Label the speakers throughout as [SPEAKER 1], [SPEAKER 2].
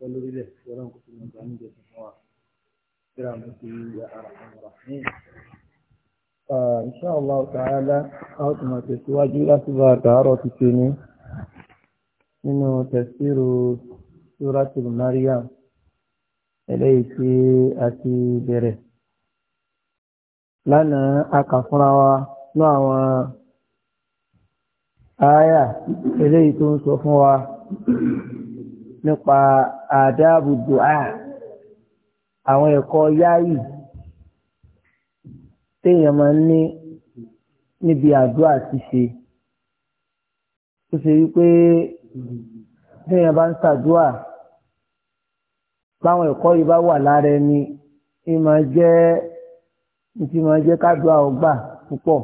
[SPEAKER 1] pẹ́ lórílẹ̀ ọlọ́run kò fi mọ̀ gbà níjẹ fún wa kíra mo ti yà ara àwọn ọ̀rọ̀ Allah ta'ala a ó tún máa tẹ̀síwájú láti bá àtàárọ̀ títí ní nínú tẹ̀síru Suratul Maryam eléyìí tí a ti bẹ̀rẹ̀. Lánàá a kà fúnra wa ní àwọn ááyà eléyìí tó ń sọ fún wa nípa àdáàbò dùá àwọn ẹ̀kọ́ yáyì téèyàn máa ń ní níbi àdúrà ṣíṣe tó ṣe wípé téèyàn bá ń ṣàdúrà báwọn ẹ̀kọ́ yìí bá wà lára ẹni ìmọ̀ jẹ́ ìtìmọ̀ jẹ́ kádùá ọgbà púpọ̀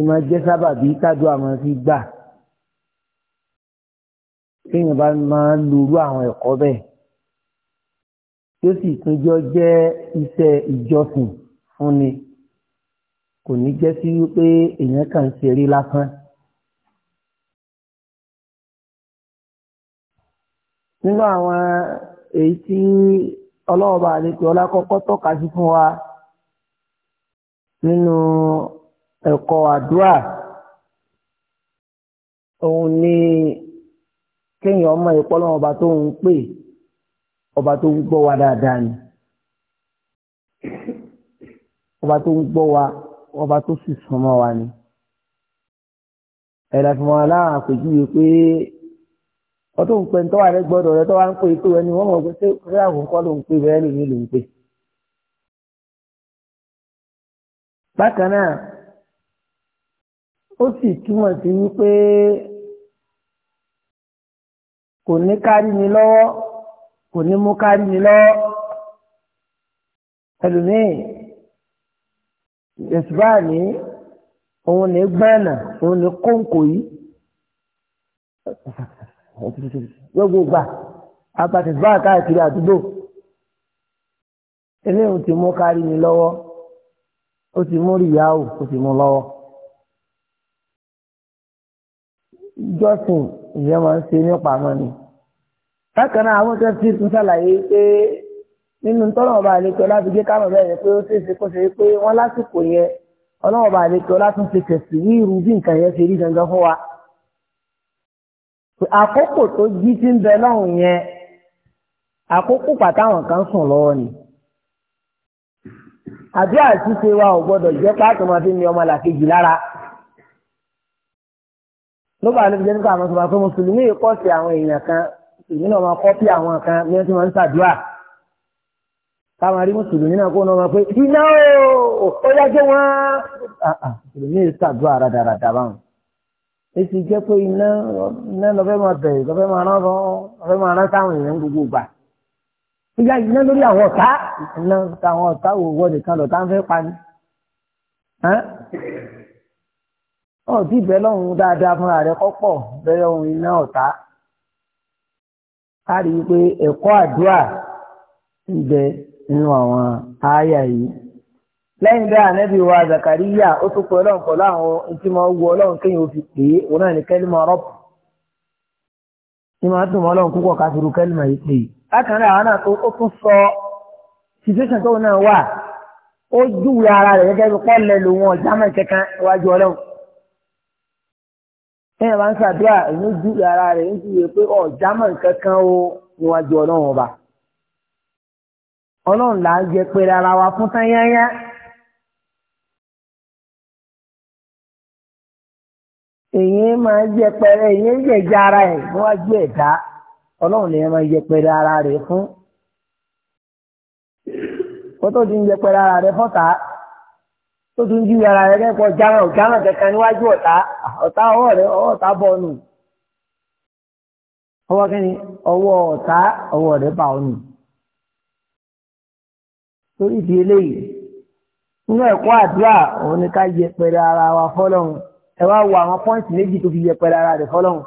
[SPEAKER 1] ìmọ̀ jẹ́ sábàbí kádùá máa fi gbà téèyàn bá máa ń lorú àwọn ẹ̀kọ́ bẹ́ẹ̀ tí ó sì péjọ jẹ́ iṣẹ́ ìjọsìn fúnni kò ní jẹ́ sí wípé èèyàn kàn ń ṣeré lásán. nínú àwọn èyí tí ọlọ́ọ̀bà àlejò ọlákọ́kọ́ tọ́ka sí fún wa nínú ẹ̀kọ́ àdúrà òun ni kéèyàn ọmọ ìpọ́lọ́wọ́ ọba tó ń pè ọba tó ń gbọ́ wa dáadáa ni ọba tó ń gbọ́ wa ọba tó sì súnmọ́ wa ni ẹ̀dà fún wa láwọn àpèjúwe pé ọtó ń pè tọ́wà rẹ gbọ́dọ̀ rẹ tọ́wà ń pè tó ẹni wọ́n mọ̀ pé ṣé ṣé àwọn ló ń pè bẹ́ẹ̀ lèmi ló ń pè. bákan náà ó sì túmọ̀ sí wípé kò ní kárí mi lọ́wọ́ kò ní mú kárí mi lọ́wọ́ ẹlòmíì ìṣùbà ní òun ní gbẹ́nà òun ní kóńkò yìí gbogbo gbà apàtìsíbà káàkiri àdúgbò eléyìí ti mú kárí mi lọ́wọ́ ó ti mú ríyàwó ó ti mú lọ́wọ́. Jọ́sìn ìyẹn máa ń ṣe ní pamọ́ ni. bákan náà àwọn tó ti tún ṣàlàyé pé nínú tọ́lọ̀ ọba àlejò láti gé bẹ́ẹ̀ ni pé ó ṣeéṣe kó ṣe pé wọ́n lásìkò yẹn ọlọ́wọ́ ọba àlejò láti ṣe tẹ̀sí ní irú bí nǹkan yẹn ṣe rí gangan fún wa. àkókò tó jí ti ń bẹ lọ́hùn yẹn àkókò pàtàwọn kan sùn lọ́wọ́ ni. àbí àṣìṣe wa ò gbọ́dọ̀ jẹ́ pàtó máa fi ní ọmọ làkejì lára ló bá lóbi jẹ́ nípa àwọn sọ̀rọ̀ pé mùsùlùmí kọ́ sí àwọn èèyàn kan èmi náà máa kọ́pì àwọn kan bí wọ́n ti máa ń ṣàdúrà táwọn arí mùsùlùmí náà kó náà máa pé iná o ó yájẹ́ wọn ah, ah, mùsùlùmí ṣàdúrà rádaràdà báwọn èsì jẹ́ pé iná iná lọ́fẹ́ máa bẹ̀rẹ̀ lọ́fẹ́ máa rán lọ́fẹ́ máa rán sáwọn èèyàn gbogbo gbà ìyá iná lórí àwọn ọ̀tá iná táwọn ọ̀tá òwò ọ̀dí ìbẹ́ lọ́run dada fúnra rẹ̀ kọ́pọ̀ bẹ́rẹ̀ ohun iná ọ̀tá a rí i pé ẹ̀kọ́ àdúrà ń bẹ nínú àwọn àáyà lẹ́yìn bẹ́ẹ̀ ànábì wa Zakariya ó tún pọ̀ ọlọ́run àwọn tí mo wọ ọlọ́run ó fi pè é náà ní àwọn náà tó ó tún sọ situation tóun náà wà ó júwe ara ẹ̀yìn máa ń ṣàdúrà ẹ̀yìn ju ara rẹ̀ ń ju kankan o níwájú ọlọ́run ọba ọlọ́run là ń jẹ ara wa fún tányáyá èyí máa ń jẹ èyí ń ara ẹ níwájú ẹ̀dá ọlọ́run máa ń ara rẹ fún tó ti ara rẹ fọta tó jí ara rẹ kankan níwájú ọta. ọ̀tá ọwọ́ rẹ ọwọ́ ọ̀tá bọ́ọ̀nù ọwọ́ kẹ́ni ọwọ́ ọ̀tá ọwọ́ rẹ bá ọ̀nù torí ti eléyìí nínú ẹ̀kọ́ àdúrà òun ni ká yẹpẹrẹ ara wa fọ́lọ́run ẹ wá wo àwọn pọ́ǹtì méjì tó fi yẹpẹrẹ ara rẹ fọ́lọ́run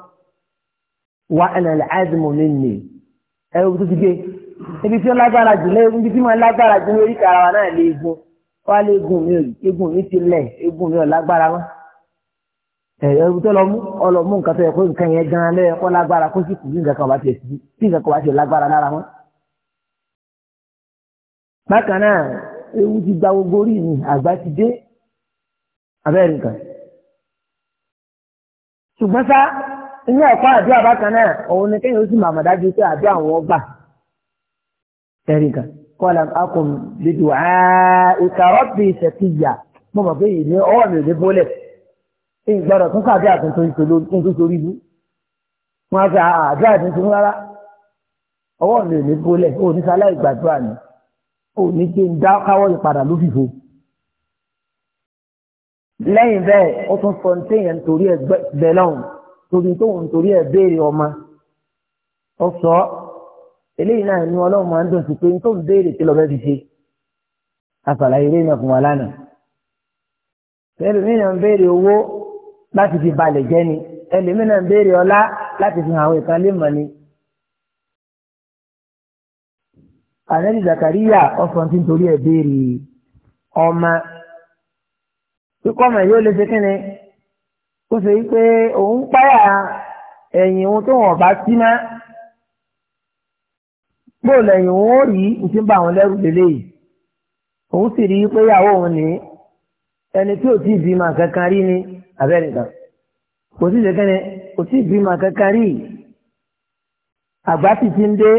[SPEAKER 1] wa ẹnìyàn àìsàn mi nì ẹ wo tó ti gbé ibi tí ó lágbára jù lé ibi tí mo lágbára jù lórí kàrà náà lè gun wá lè gun mi ò egun mi ti lẹ̀ egun mi ò lágbára mọ́ ẹ̀rù tó lọ mú ọlọ́mú nǹkan tó yẹ kó nǹkan yẹn gan-an lẹ́yìn kó lágbára kó sì kù bí nǹkan kan bá tiẹ̀ sí bí nǹkan kan bá tiẹ̀ lágbára lára wọn. bákan náà ewu ti gba gbogbo orí mi àgbà ti dé abẹ́rẹ́ nǹkan. ṣùgbọ́n sá inú ẹ̀kọ́ àdúrà bákan náà òun ni kéèyàn ó sì màmá dájú pé àdúrà wọn gbà ẹ̀rìn kọ́lá akùn bídùn àá ìkàrọ́bì ìṣẹ̀kìyà mo mọ̀ pé ìní ọwọ́ mi ìgbọ́dọ̀ tún sàdé àtúntò ìtòlórí torí bú wọn fi àdé àtúntò rárá ọwọ́ mi ò ní bólẹ̀ ò ní sálẹ̀ ìgbàdúrà ni ò ní kí n dá káwọ́ ìpadà ló fìfo. lẹ́yìn bẹ́ẹ̀ ó tún sọ ní téèyàn torí ẹ̀ bẹ́ẹ̀ lọ́hùn torí tóun torí ẹ̀ béèrè ọmọ ó sọ eléyìí náà ni ọlọ́run máa ń dùn sí pé tóun béèrè kí lọ́bẹ̀ fi ṣe àfàlàyé lẹ́yìn náà fún wa lánàá láti fi balẹ̀ jẹ́ ni ẹlòmínà ń béèrè ọlá láti fi hàn àwọn ìkan lè mọ̀ ni. ànẹ́lì zakariya ọ̀sán ti ń torí ẹ̀ béèrè ọmọ kíkọ́ ọmọ yóò lè ṣe kínni ó ṣe wípé òun páyà ẹ̀yìn ohun tó wọ̀n bá sí ná bóòlù ẹ̀yìn òun ó rí ìtìǹbà àwọn lẹ́rù lélẹ́yìí òun sì rí pé ìyàwó òun nìyí ẹni tí ò tí ì bímọ kankan rí ni abẹ́nìkan kò sí ìṣẹ́kẹ́ni kò tí ì bímọ kankan rí àgbà sì ti ń dé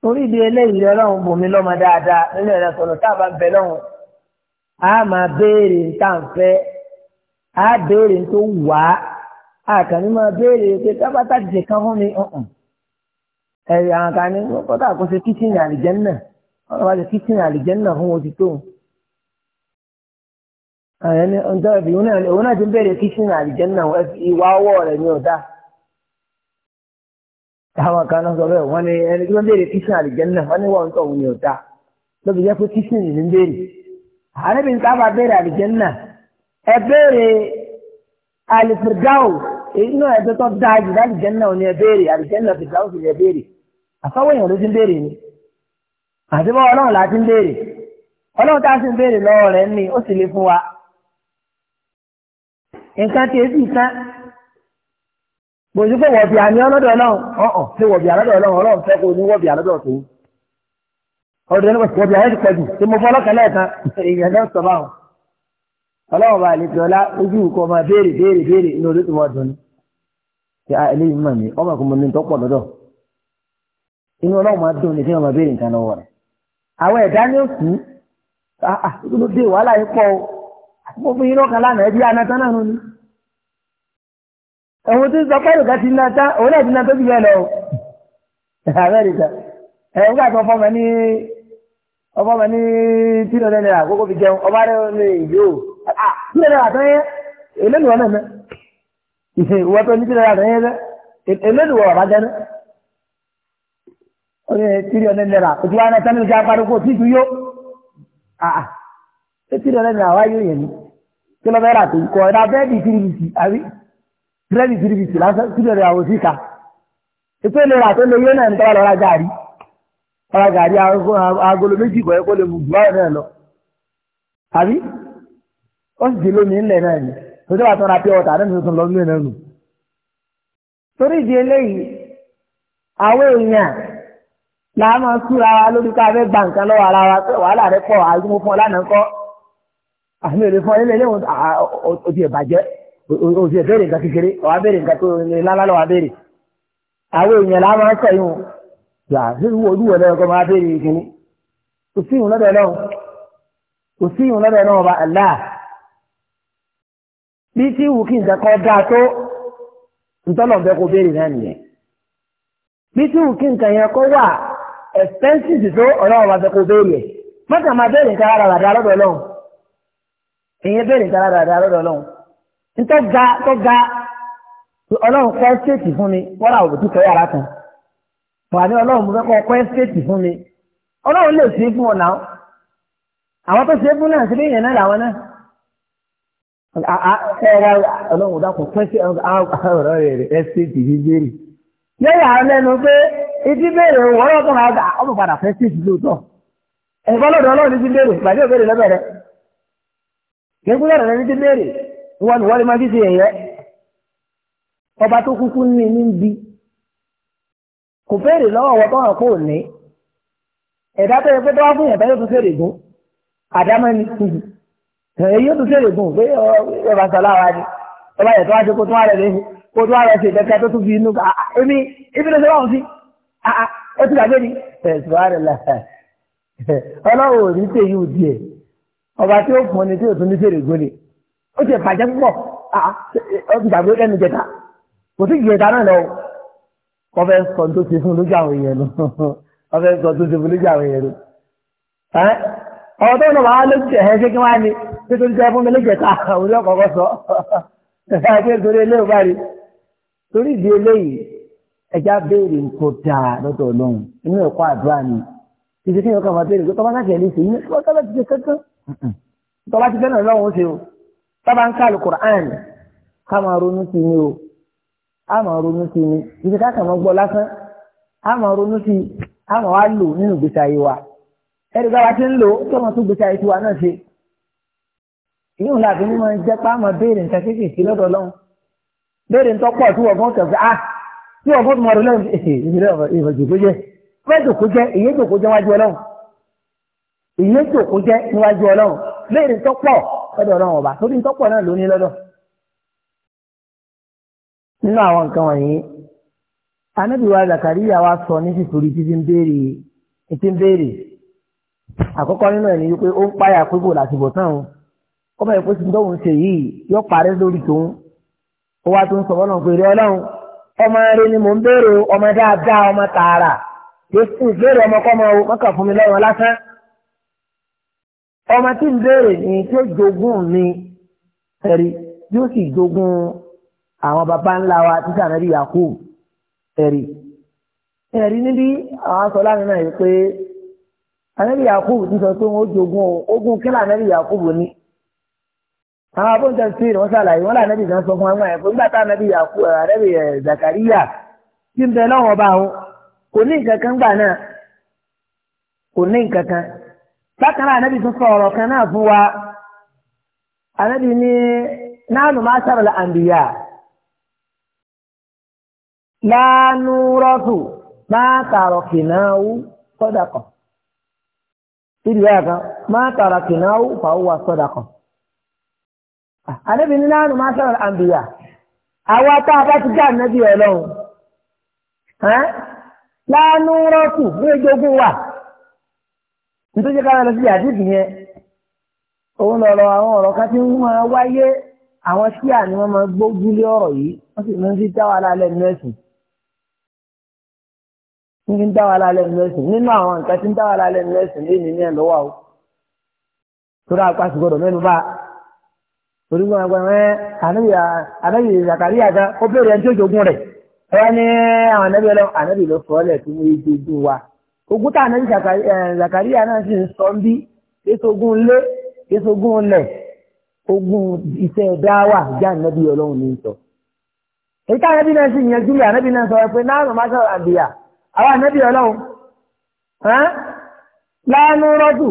[SPEAKER 1] torí ìdí eléyìí ọlọ́run bùnmi lọ́mọ dáadáa nínú ẹ̀rọ sọ̀rọ̀ tá a bá ń bẹ lọ́hùn a máa béèrè ní tàǹfẹ́ a béèrè ní tó wà á àkànní máa béèrè pé tábàtà jẹ kán fún mi ẹ̀rì àwọn kan ní kọ́tà kó ṣe kíchìnì àlìjẹ́ náà wọn bá jẹ kíkìn àlìjẹ́nà fún oṣù tó àwọn ọjọ́ ìbí òun náà ti ń bẹ̀rẹ̀ kíkìn àlìjẹ́nà ìwà ọwọ́ rẹ̀ ní ọ̀dà àwọn kan náà sọ bẹ́ẹ̀ wọ́n ní ẹni tí wọ́n bẹ̀rẹ̀ kíkìn àlìjẹ́nà wọ́n ní wọ́n ń tọ̀ wọ́n ní ọ̀dà lóbi jẹ́ pé kíkìn ní ń bẹ̀rẹ̀ àrẹ́bí nǹkan bá bẹ̀rẹ̀ àlìjẹ́nà ẹ bẹ̀rẹ̀ àlìfẹ̀dáwò èyí náà ẹgbẹ́ tó dáa jù láàlìjẹ́nà ò ní ẹ bẹ̀rẹ̀ àlìjẹ́nà àtibọ́ ọlọ́run láti ń béèrè ọlọ́run tá a sì ń béèrè lọ́wọ́ rẹ̀ ní ó sì lè fún wa nǹkan tí èsì kan bòjú pé wọ̀bì àmì ọlọ́dọ̀ ọlọ́run ọ̀hún ṣe wọ̀bì àlọ́dọ̀ ọlọ́run ọlọ́run fẹ́ kó ní wọ̀bì àlọ́dọ̀ tó ọdún ẹni wọ̀bì tí mo fọ́ lẹ́ẹ̀kan bá àwọn ẹ̀dá ní òkú ah, ah, wàhálà lọ́kàn lánàá ẹbí anátán náà ni. ẹ̀wọ̀n tó ń sọ pé ìrùkà ti na tán òun náà ti na tó ti bẹ́ẹ̀ lọ amẹ́ríkà ẹ̀wọ̀n kà tó fọmọ ní ọfọmọ ní tìrọ náírà àkókò fi jẹun ọba rẹ ní ìjó tìrọ náírà tán yẹ eléyìí náà tó ní orí tírí ọ̀nẹ́ náírà òtí wa náà tánú ìjà apárúkọ tí ìtú yó àà ṣé tírí ọ̀nẹ́ náírà wáyé yẹn ni kí ló fẹ́ rà tó kọ ẹ̀dá bẹ́ẹ̀dì tírí bìtì àbí bírẹ́dì tírí bìtì lásán tírí ọ̀nẹ́ àwọn síta ìpè lè rà tó lè yé náà ń tọ́wọ́ lọ́ra gàrí ọ̀ra gàrí agolo méjì kọ̀ ẹ́ kó lè mú gbọ́ náà lọ àbí ó sì dé lómi ńlẹ̀ náà ni ìdí eléyìí àwọn èèyàn làá máa súra wa lórí ká fẹ́ gba nǹkan lọ́wọ́ ara wa pé wàhálà rẹ pọ̀ àdúgbò fún ọ lánàá kọ́ àmì èrè fún ọ nílé léwọn òtí ẹ̀ bàjẹ́ òtí ẹ̀ béèrè nǹkan kékeré ọ̀wá béèrè nǹkan tó lálálọ́ wa béèrè àwọn èèyàn làá máa sẹ́yìn o yà síwú olúwọ̀ lẹ́yìn kọ́ máa béèrè ìkíní kò sí ìhùn lọ́dọ̀ náà kò sí ìhùn lọ́dọ̀ náà ọba Allah bí tí ìwù kí nǹkan kan dáa tó ntọ́lọ̀ bẹ́ẹ̀ kó béèrè náà nìyẹn bí tí ìwù kí nǹkan yẹn kó wà expenses tó ọlọ́run bá fẹ́ béèrè mọ́tà máa béèrè nǹkan ara ràdà lọ́dọ̀ ọlọ́run èyí béèrè nǹkan ara lọ́dọ̀ ọlọ́run nítọ́ ga tó ga ọlọ́run kọ́ fún mi wọ́n làwọn òbí kọ́ yàrá kan wà ní ọlọ́run mo fẹ́ kọ́ ọkọ́ ẹ́stéètì fún mi ọlọ́run lè ṣe é fún ọ náà àwọn tó ṣe é fún náà ṣe léèyàn náà làwọn náà ọlọ́run dákun kọ́ fún mi ìdí béèrè òun ọ̀rọ̀ tó máa dà ọmọ padà fẹ́ sí ìdílé òótọ́ ẹ̀gbọ́n lọ́dọ̀ ọlọ́run ti béèrè ìpàdé òbèrè lọ́bẹ̀rẹ̀ kéékùn lọ́dọ̀ rẹ̀ ni wọ́n máa ṣe ọba tó kúkú ní ní kò lọ́wọ́ tó hàn kó ní ẹ̀dá tó yẹ pé tó wá fún yẹn tó ó ah, ah, ti dàgbé ni ẹ̀sùn ààrẹ làtà ọlọ́run ò ní tè yóò di ẹ̀ ọba tí ó fún ni tí ó tún ní fèrè gólè ó ti bàjẹ́ púpọ̀ ah, ó ti dàgbé ẹnu jẹta kò sí jẹta náà lọ wọ́n fẹ́ sọ tó ṣe fún lójú àwọn èèyàn lọ wọ́n fẹ́ sọ tó ṣe fún lójú àwọn èèyàn ọ̀rọ̀ tó ń lọ wàá lójú ẹ̀ ṣé kí wọ́n ní pé tó ń jẹ́ fún mi lójẹ̀ta òun lọ́kọ̀ọ́kọ́ sọ ẹ̀ ẹja béèrè nǹkó dáa lọ́dọ̀ ọlọ́run inú ẹ̀kọ́ àdúrà ni títí kí ọkọ̀ máa béèrè pé tọ́ba náà tẹ̀lé ìṣèlú ní ọjọ́ bá ti ṣe kankan tọ́ba ti fẹ́ràn lọ́wọ́ ṣe o tọ́ba ń kàlù Qur'an ká máa ronú sí ni o á máa ronú sí ni títí ká kàn máa gbọ́ lásán á máa ronú sí i á máa wá lò nínú ìgbésí ayé wa ẹ̀rí bá wa ti ń lò ó tó máa ayé tiwa náà ṣe ìyóò làbí mímọ jẹ́ pé á máa béèrè nǹkan kéékèèké lọ́dọ̀ ọlọ́run béèrè nǹkan pọ̀ tí wọ́n gbọ́n tẹ̀ fẹ́ ah tí wọn fọdùmọ rẹ lọrùn ìṣẹ̀lẹ̀ ìwà jòkó jẹ fẹẹ jòkó jẹ ìyẹn jòkó jẹ wájú Ọlọ́run ìyẹn jòkó jẹ níwájú Ọlọ́run léèrè tọpọ ọ̀dọ̀ Ọlọ́run ọba torí tọpọ náà ló ní lọ́dọ̀ nínú àwọn nǹkan wọ̀nyí anábìwá Zakariya wa sọ ní sísorí títí ń béèrè ètí ń béèrè àkọ́kọ́ nínú ẹ̀ ní wípé ó ń páyà pé bò láti bò tán o kọ́mọ̀ ẹ̀kọ́ sí tóun ṣe yìí yọ parẹ́ lórí tòun ó wá tó ń sọ fọ́nà pé ọmọ rẹ ni mò ń béèrè ọmọ dáadáa ọmọ tààrà yóò sì béèrè ọmọ kọ́ ọmọ mọ́kà fún mi lọ́wọ́ lásán ọmọ tí ń béèrè ni tí ó jogún mi ẹ̀rí yóò sì jogún àwọn baba ńlá wa títí ànábì Yakub ẹ̀rí ẹ̀rí níbi àwọn aṣọ lánàá náà yìí pé ànábì Yakub ti sọ pé wọ́n jogún ogún kí lànábì Yakub ní. àwọn abóhùn tẹ̀síìrì wọ́n ṣàlàyé wọn lànà ìjọba sọ fún wọn ẹ̀ fún gbàtà nàbí àrẹ́bì Zakariya tí ń bẹ lọ́wọ́ bá wọn kò ní nǹkan kan gbà náà kò ní nǹkan kan bákan náà ànábì tún kan náà fún wa ànábì ní nánú máa ṣàrọ̀ àǹbìyà lánú rọ́tù máa tààrọ̀ kìnnáwó sọ́dà kan ìdílé àkàn máa tààrọ̀ kìnnáwó fàáwà sọ́dà kan. ànábì ní láàánú máa sọ̀rọ̀ àǹbìyà àwa tá a bá ti já ànábì ọlọ́run láàánú rọ́ọ̀kù ní ojoogun wà nítorí ká lọ sí àdìbì yẹn òun lọ̀rọ̀ àwọn ọ̀rọ̀ kan tí ń máa wáyé àwọn síà ni wọ́n máa gbójúlé ọ̀rọ̀ yìí wọ́n sì máa ń fi dá wa lálẹ́ nínú ẹ̀sìn ń fi dá wa lálẹ́ nínú ẹ̀sìn nínú àwọn nǹkan tí ń dá wa lálẹ́ nínú ẹ̀sìn lé torí wọn gbọ́n ẹ ànábì Zakariya kan ó bèrè ẹni tí ó jogún rẹ̀ ẹ ní àwọn ànábì ọlọ́run ànábì ló fọ́ ọ́lẹ̀ tí wọ́n jogún wa ogún tá ànábì eh, Zakariya náà sì ń sọ ń bí kéṣogún lé kéṣogún lẹ̀ ogún iṣẹ́ dáwà jẹ́ ànábì ọlọ́run ní sọ. èyí tá ànábì náà sì yanjú rẹ̀ ànábì náà sọ pé náà lọ́ máa sọ̀rọ̀ àbíyà àwọn ànábì ọlọ́run lánàá rọ́dù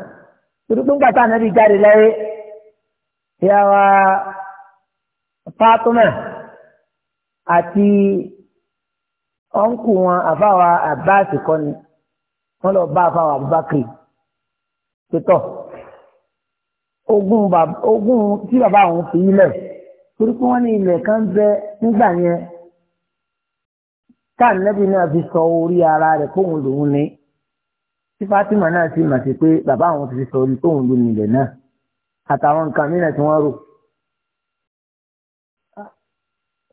[SPEAKER 1] tuntun gbàtà nàbí jáde láyé yàrá Fatima àti ọ̀nkù wọn àfàwà Abbas kọ́ni wọ́n lọ bá àfàwà Abubakar pétọ́ ogún tí bàbá àwọn fi ilẹ̀ torí pé wọ́n ní ilẹ̀ kan bẹ nígbà yẹn táà nẹ́bí náà fi sọ orí ara rẹ̀ kóhun lòun ní tí Fátímà náà sì mà sí pé bàbá àwọn ti sọ orí tóun ló nílẹ̀ náà àtàwọn nǹkan mìíràn tí wọ́n rò.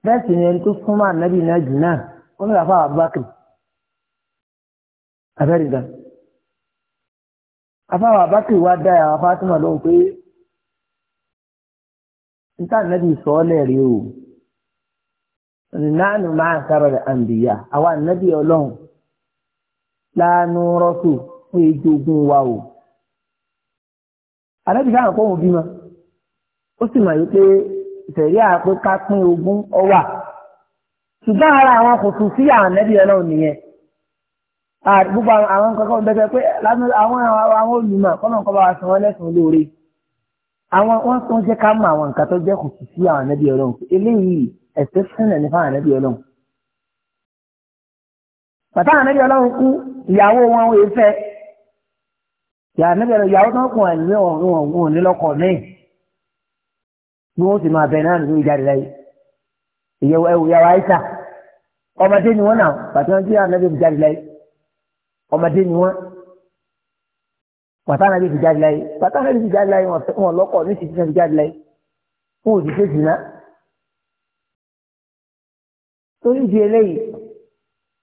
[SPEAKER 1] bẹ́ẹ̀ sì ni ẹni tó súnmọ́ ànábì náà jù náà ó ní bàbá àbúbákì abẹ́rìndà. afáwọn àbákì wá dá àwọn Fátímà lóhùn pé níta ànábì sọ ọ́ lẹ́ẹ̀rí o nánú máa ń sábà àǹbìyà àwa ànábì ọlọ́run láàánú rọ́tù pé jogun wa o àlẹ́bí sáà kọ́ òun bímọ ó sì mọ̀ wípé ìtẹ̀rí àpé ká pín ogún ọwà ṣùgbọ́n ara àwọn kò tún sí ànẹ́bí ọlọ́run nìyẹn gbogbo àwọn kankan bẹ́ẹ̀ pé àwọn àwọn olùmọ̀ kọ́nà kọ́ bá wa san wọ́n lẹ́sùn lóore àwọn wọ́n tún jẹ́ ká mọ àwọn nǹkan tó jẹ́ kò tún sí àwọn ànẹ́bí ọlọ́run eléyìí ẹ̀sẹ̀ sílẹ̀ ní fáwọn ànẹ́bí ọlọ́run bàtà ànẹ́bí ọlọ́run kú ìyàwó wọn ò fẹ́ yàrá níbi tó ń kùn ẹ̀mí ọ̀run ọ̀gbun òní lọ́kọ̀ ní bí wọ́n sì máa bẹ̀ náà nínú ìjáde láyé ìyẹ̀wò ẹ̀wò ìyàwó àyíṣà ọmọdé ni wọ́n náà pàtó wọn tí yàrá níbi ìjáde láyé ọmọdé ni wọ́n pàtó wọn níbi ìjáde láyé pàtó wọn níbi ìjáde láyé wọn lọ́kọ̀ ní ìṣiṣẹ́ ìjáde láyé fún òṣìṣẹ́ ìṣìná torí ìdí eléyìí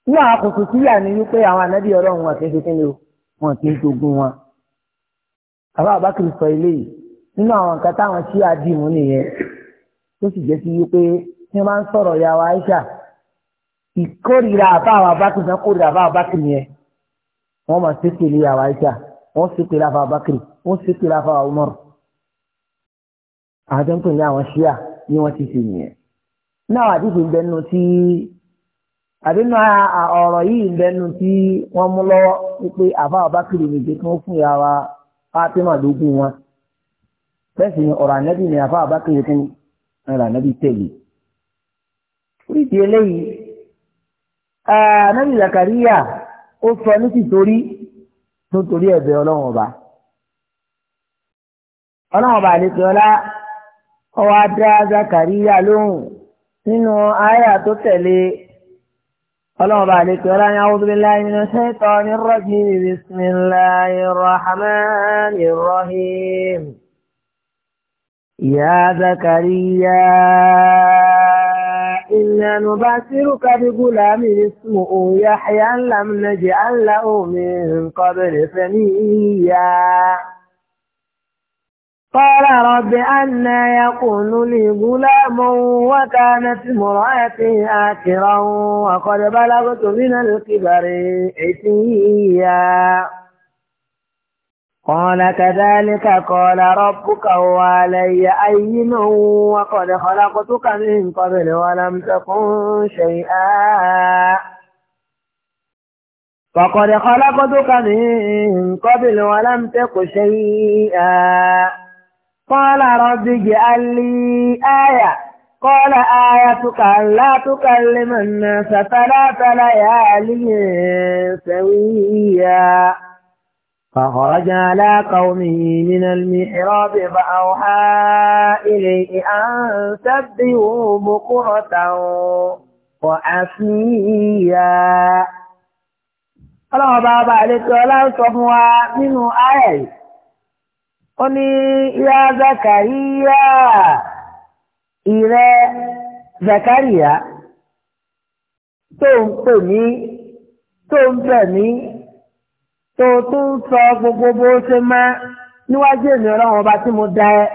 [SPEAKER 1] ní àkókò àbá àbákiri sọ ilé yìí nínú àwọn nǹkan táwọn tí a dì mú nìyẹn tó sì jẹ́ sí wípé tí wọ́n bá ń sọ̀rọ̀ ya wa Aisha ìkórìíra àbá àwọn àbákiri náà kórìíra àbá àbákiri yẹn wọ́n máa ṣe pèlè ya wa Aisha wọ́n ṣe pèlè àfa àbákiri wọ́n ṣe pèlè àfa Umar àjọ ń pè ní àwọn ṣíà ni wọ́n ti ṣe nìyẹn náà àdìsí ń bẹnu tí àdínú ọ̀rọ̀ yìí ń bẹnu tí wọ́n mú lọ́wọ́ wípé àfa àbákiri nìjẹ́ tí wọ́n fún ya wa. Fátímà lógún wọn bẹ́ẹ̀ ni ọ̀rọ̀ ànábì ni àfa àbákẹ́yẹ fún ọ̀rọ̀ ànábì tẹ̀lé oríṣi eléyìí ànábì Zakariya ó sọ ní tìtorí tó torí ẹ̀bẹ̀ ọlọ́run ọba ọlọ́run ọba àlejò ọlá ọwọ́ adá Zakariya lóhùn nínú àyà tó tẹ̀lé. اللهم عليك ولا أعوذ بالله من الشيطان الرجيم بسم الله الرحمن الرحيم يا زكريا إنا نبشرك بغلام اسمه يحيى لم نجعل له من قبل سميا قال رب أنا يقول لي غلام وكانت مرأتي آكرا وقد بلغت من الكبر عتيا قال كذلك قال ربك هو علي أين وقد خلقتك من قبل ولم تكن شيئا وقد خلقتك من قبل ولم تك شيئا قال رب اجعل لي آية قال آيتك ألا تكلم الناس ثلاث ليالي سويا فخرج على قومه من المحراب فأوحى إليه أن سبحوا بكرة وعشيا الله بابا عليك ولا صفوا منه آية ó ní ìyá zakariya ìrẹ zakariya tó ń pè ní tó ń pè ní tó tún sọ gbogbo bó ṣe máa níwájú èmi ọlọ́run ọba tí mo dá ẹ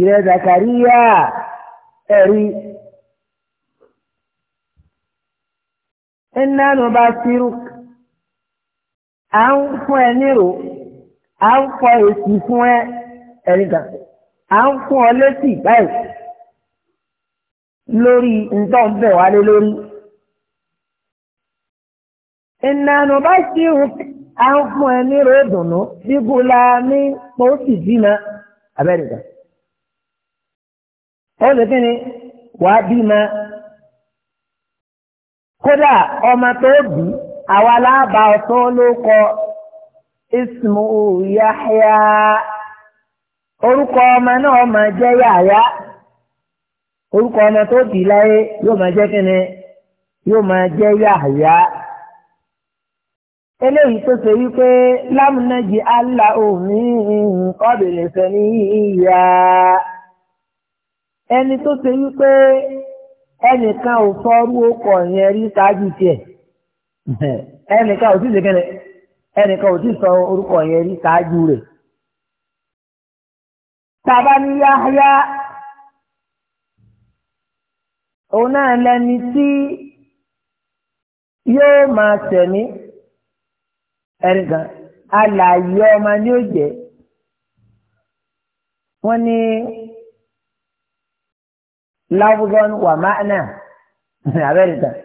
[SPEAKER 1] ìrẹ zakariya ẹ̀rí. iná ló bá sírù à ń fún ẹ nírò à ń kọ èsì fún ẹ ẹnìkan à ń fún ọ létí báyìí lórí ntọ́n bẹ̀ wálé lórí. ìnànà bá ṣí à ń fún ẹ ní ròdùnú bíbu ní pọ́sì bímọ abẹ́rẹ́dà. ó lè kí ni wàá bímọ kódà ọmọ tó bí àwa lábàá ọ̀tọ́ ló kọ. ismu yahya orúkọ ọmọ náà máa jẹ́ yàyà orúkọ ọmọ tó dì láyé yóò máa jẹ kíni yóò máa jẹ́ yàyà eléyìí tó ṣe wípé lámúnájì allah omi kọ́bìnrin sẹ́ni ya ẹni tó ṣe wípé ẹnìkan ò fọ́rú ó yẹn rí ṣáájú ẹnìkan ò tí sọ orúkọ yẹn rí ṣáájú rẹ̀. Tàbá ní Yahya, òun náà lẹni tí yóò máa tẹ̀mí ẹnìkan alààyè ọmọ ni ó jẹ́. Wọ́n ní láwùjọ wà máa náà abẹ́rẹ́ tán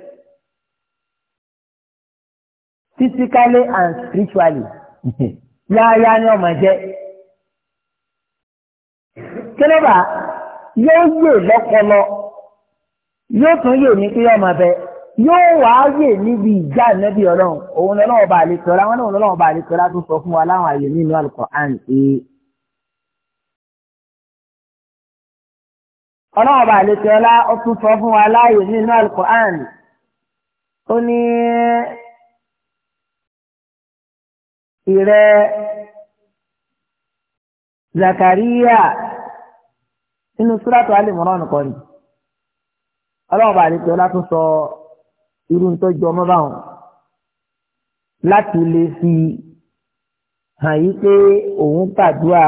[SPEAKER 1] physically and spiritually yáyá ni ọmọ jẹ kílódà yóò yè lọ́pọlọ yóò tún yè ní pé ọmọ bẹ yóò wá yè níbi ìjà nẹbi Ọlọ́run òun lọ́lọ́run bá lè tọra wọn náà lọ́lọ́run bá lè tó sọ fún wa láwọn àyè nínú Al-Qur'an pé Ọlọ́run bá lè tọra ó tún sọ fún wa láàyè nínú Al-Qur'an ó ní ìrẹ́ Zakariya nínú súrátù alìmọ̀ràn nìkan ni ọlọ́run bá àlejò ọlá tún sọ irú tó jọ ọmọ báwọn láti lè fi hàn yí pé òun gbàdúrà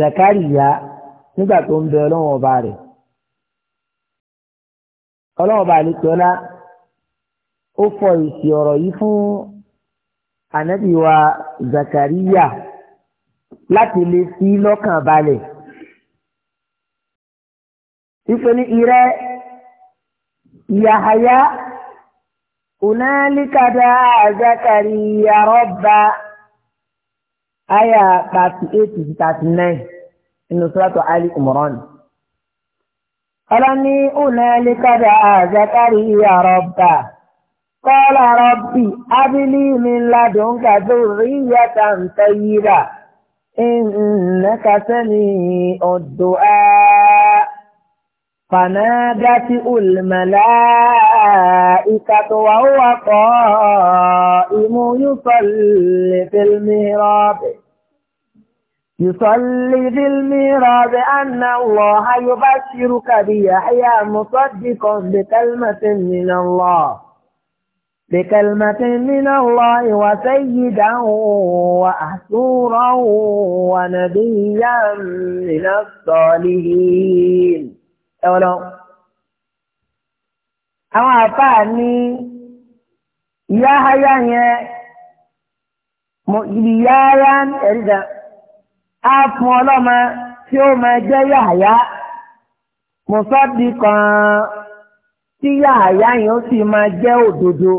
[SPEAKER 1] Zakariya nígbà tó ń bẹ ọlọ́run ọba rẹ̀ ọlọ́run bá àlejò ọlá ó fọ èsì ọ̀rọ̀ yìí fún ànábì wa Zakariya láti lè fi lọ́kàn balẹ̀ wípé ní irẹ́ Yahaya unalikada Zakariya rọ́bà aya thirty eight to thirty nine nínú sọ́tọ̀ Ali umaran. ọlọ́ni unalikada Zakariya rọ́bà. قال ربي أبلي من لدنك ذرية طيبة إنك سميع الدعاء فنادت الملائكة وهو قائم يصلي في المهراب يصلي في الميراث أن الله يبشرك بيحيى مصدقا بكلمة من الله بكلمة من الله وسيدا وأحسورا ونبيا من الصالحين أولو àwọn àfáà ní yáháyá yẹn mo yáháyá ẹ̀ríga á fún ọlọ́mọ tí ó máa jẹ́ yáháyá mùsọ́bì kan tí yáháyá yẹn ó sì máa jẹ́ òdodo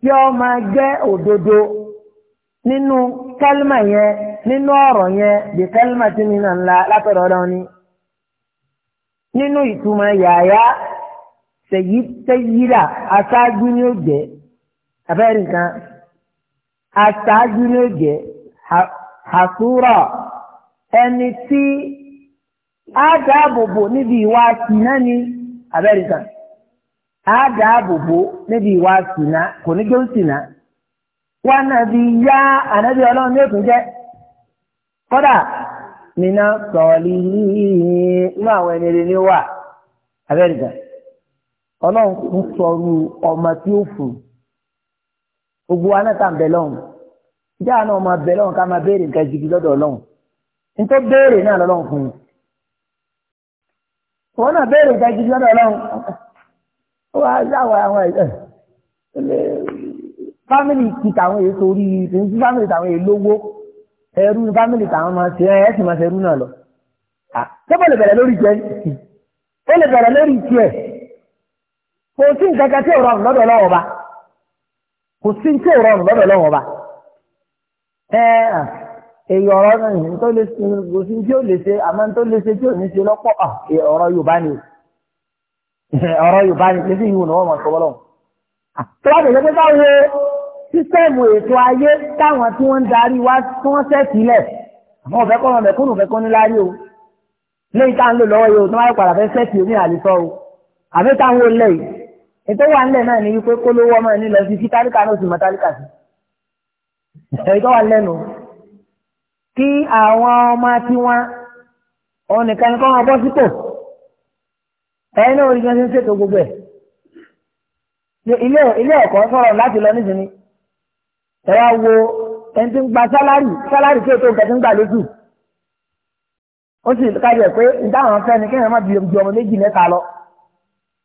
[SPEAKER 1] kí ọ máa jẹ́ òdodo nínú kálmà yẹn nínú ọ̀rọ̀ yẹn bí kálmà tí mi nà ńlá látọ̀dọ̀ ọ̀dọ̀ ni nínú ìtumọ̀ yàyà sèyí tẹ́yìlà aṣáájú ni ó jẹ́ abẹ́rẹ́ nǹkan aṣáájú ni ó jẹ́ àsúrà ẹni tí á dáàbò níbi ìwà àti abẹ́rẹ́ nǹkan. á ga bò níbi ìwà sìnà na ní gbé sìnà wọn nàbí yá ànábì ọlọ́run ní èkó jẹ́ inú àwọn ẹni ni wà abẹ́rẹ́gà ọmọ tí ó gbogbo wa náà tà ìjà ọmọ bẹ ká máa béèrè nǹkan jìbì lọ́dọ̀ ọlọ́run nítorí béèrè náà fún un wọn náà béèrè nǹkan jìbì ó wá láwọn àwọn ẹ̀ fámìlì ti tàwọn èso orí ìpín sí fámìlì tàwọn èso ẹrú ni fámìlì tàwọn máa ṣe ẹ sì máa ṣe ẹrú náà lọ. sẹ́pọ̀ lè bẹ̀rẹ̀ lórí jẹ́ ó lè bẹ̀rẹ̀ lórí tiẹ̀ kò sí nǹkan tí ò rọrùn lọ́dọ̀ lọ́wọ́ ba kò sí tí ò rọrùn lọ́dọ̀ lọ́wọ́ ba. èyí ọ̀rọ̀ náà tó lè ṣe kò sí tí ó lè ṣe àmọ́ tó lè ṣe tí ò ní ṣe lọ́pọ̀ ọ̀rọ̀ ọ̀rọ̀ Yorùbá ni pé sí ìhù ni wọ́n mọ̀ sọ wọ́lọ́ ah, tó wá tẹ̀sẹ̀ pé báwo sísẹ́ẹ̀mù ètò ayé táwọn tí wọ́n ń darí wá tí wọ́n sẹ́ sílẹ̀ àwọn òfẹ́ kọ́ ọmọ fẹ́ kọ́ níláárí o léyìí tá à ń lò lọ́wọ́ yìí o tí wọ́n á padà fẹ́ sẹ́ẹ̀tì omi àlìsọ o àbí táwọn olè yìí ètò wà ńlẹ̀ náà ni wípé kó lówó ọmọ nílẹ̀ fi sí tálíkà náà sì mọ tálíkà sí èyí tó wà lẹ́nu kí àwọn ọmọ tiwọn òun nìkan kọ́ wọn bọ́ sípò ẹ̀yin náà orí gbẹ́sẹ̀ ń ṣètò gbogbo ẹ̀ ilé ẹ̀kọ́ sọ̀rọ̀ láti lọ nísìnyí ẹ wá wo ẹni tí ń gba sálárì sálárì tí ètò ìgbàtí ń gbà lójú ó sì kájọ pé ìdáhùn fẹ́ ni kéèyàn má bi ọmọ méjì mẹ́ta lọ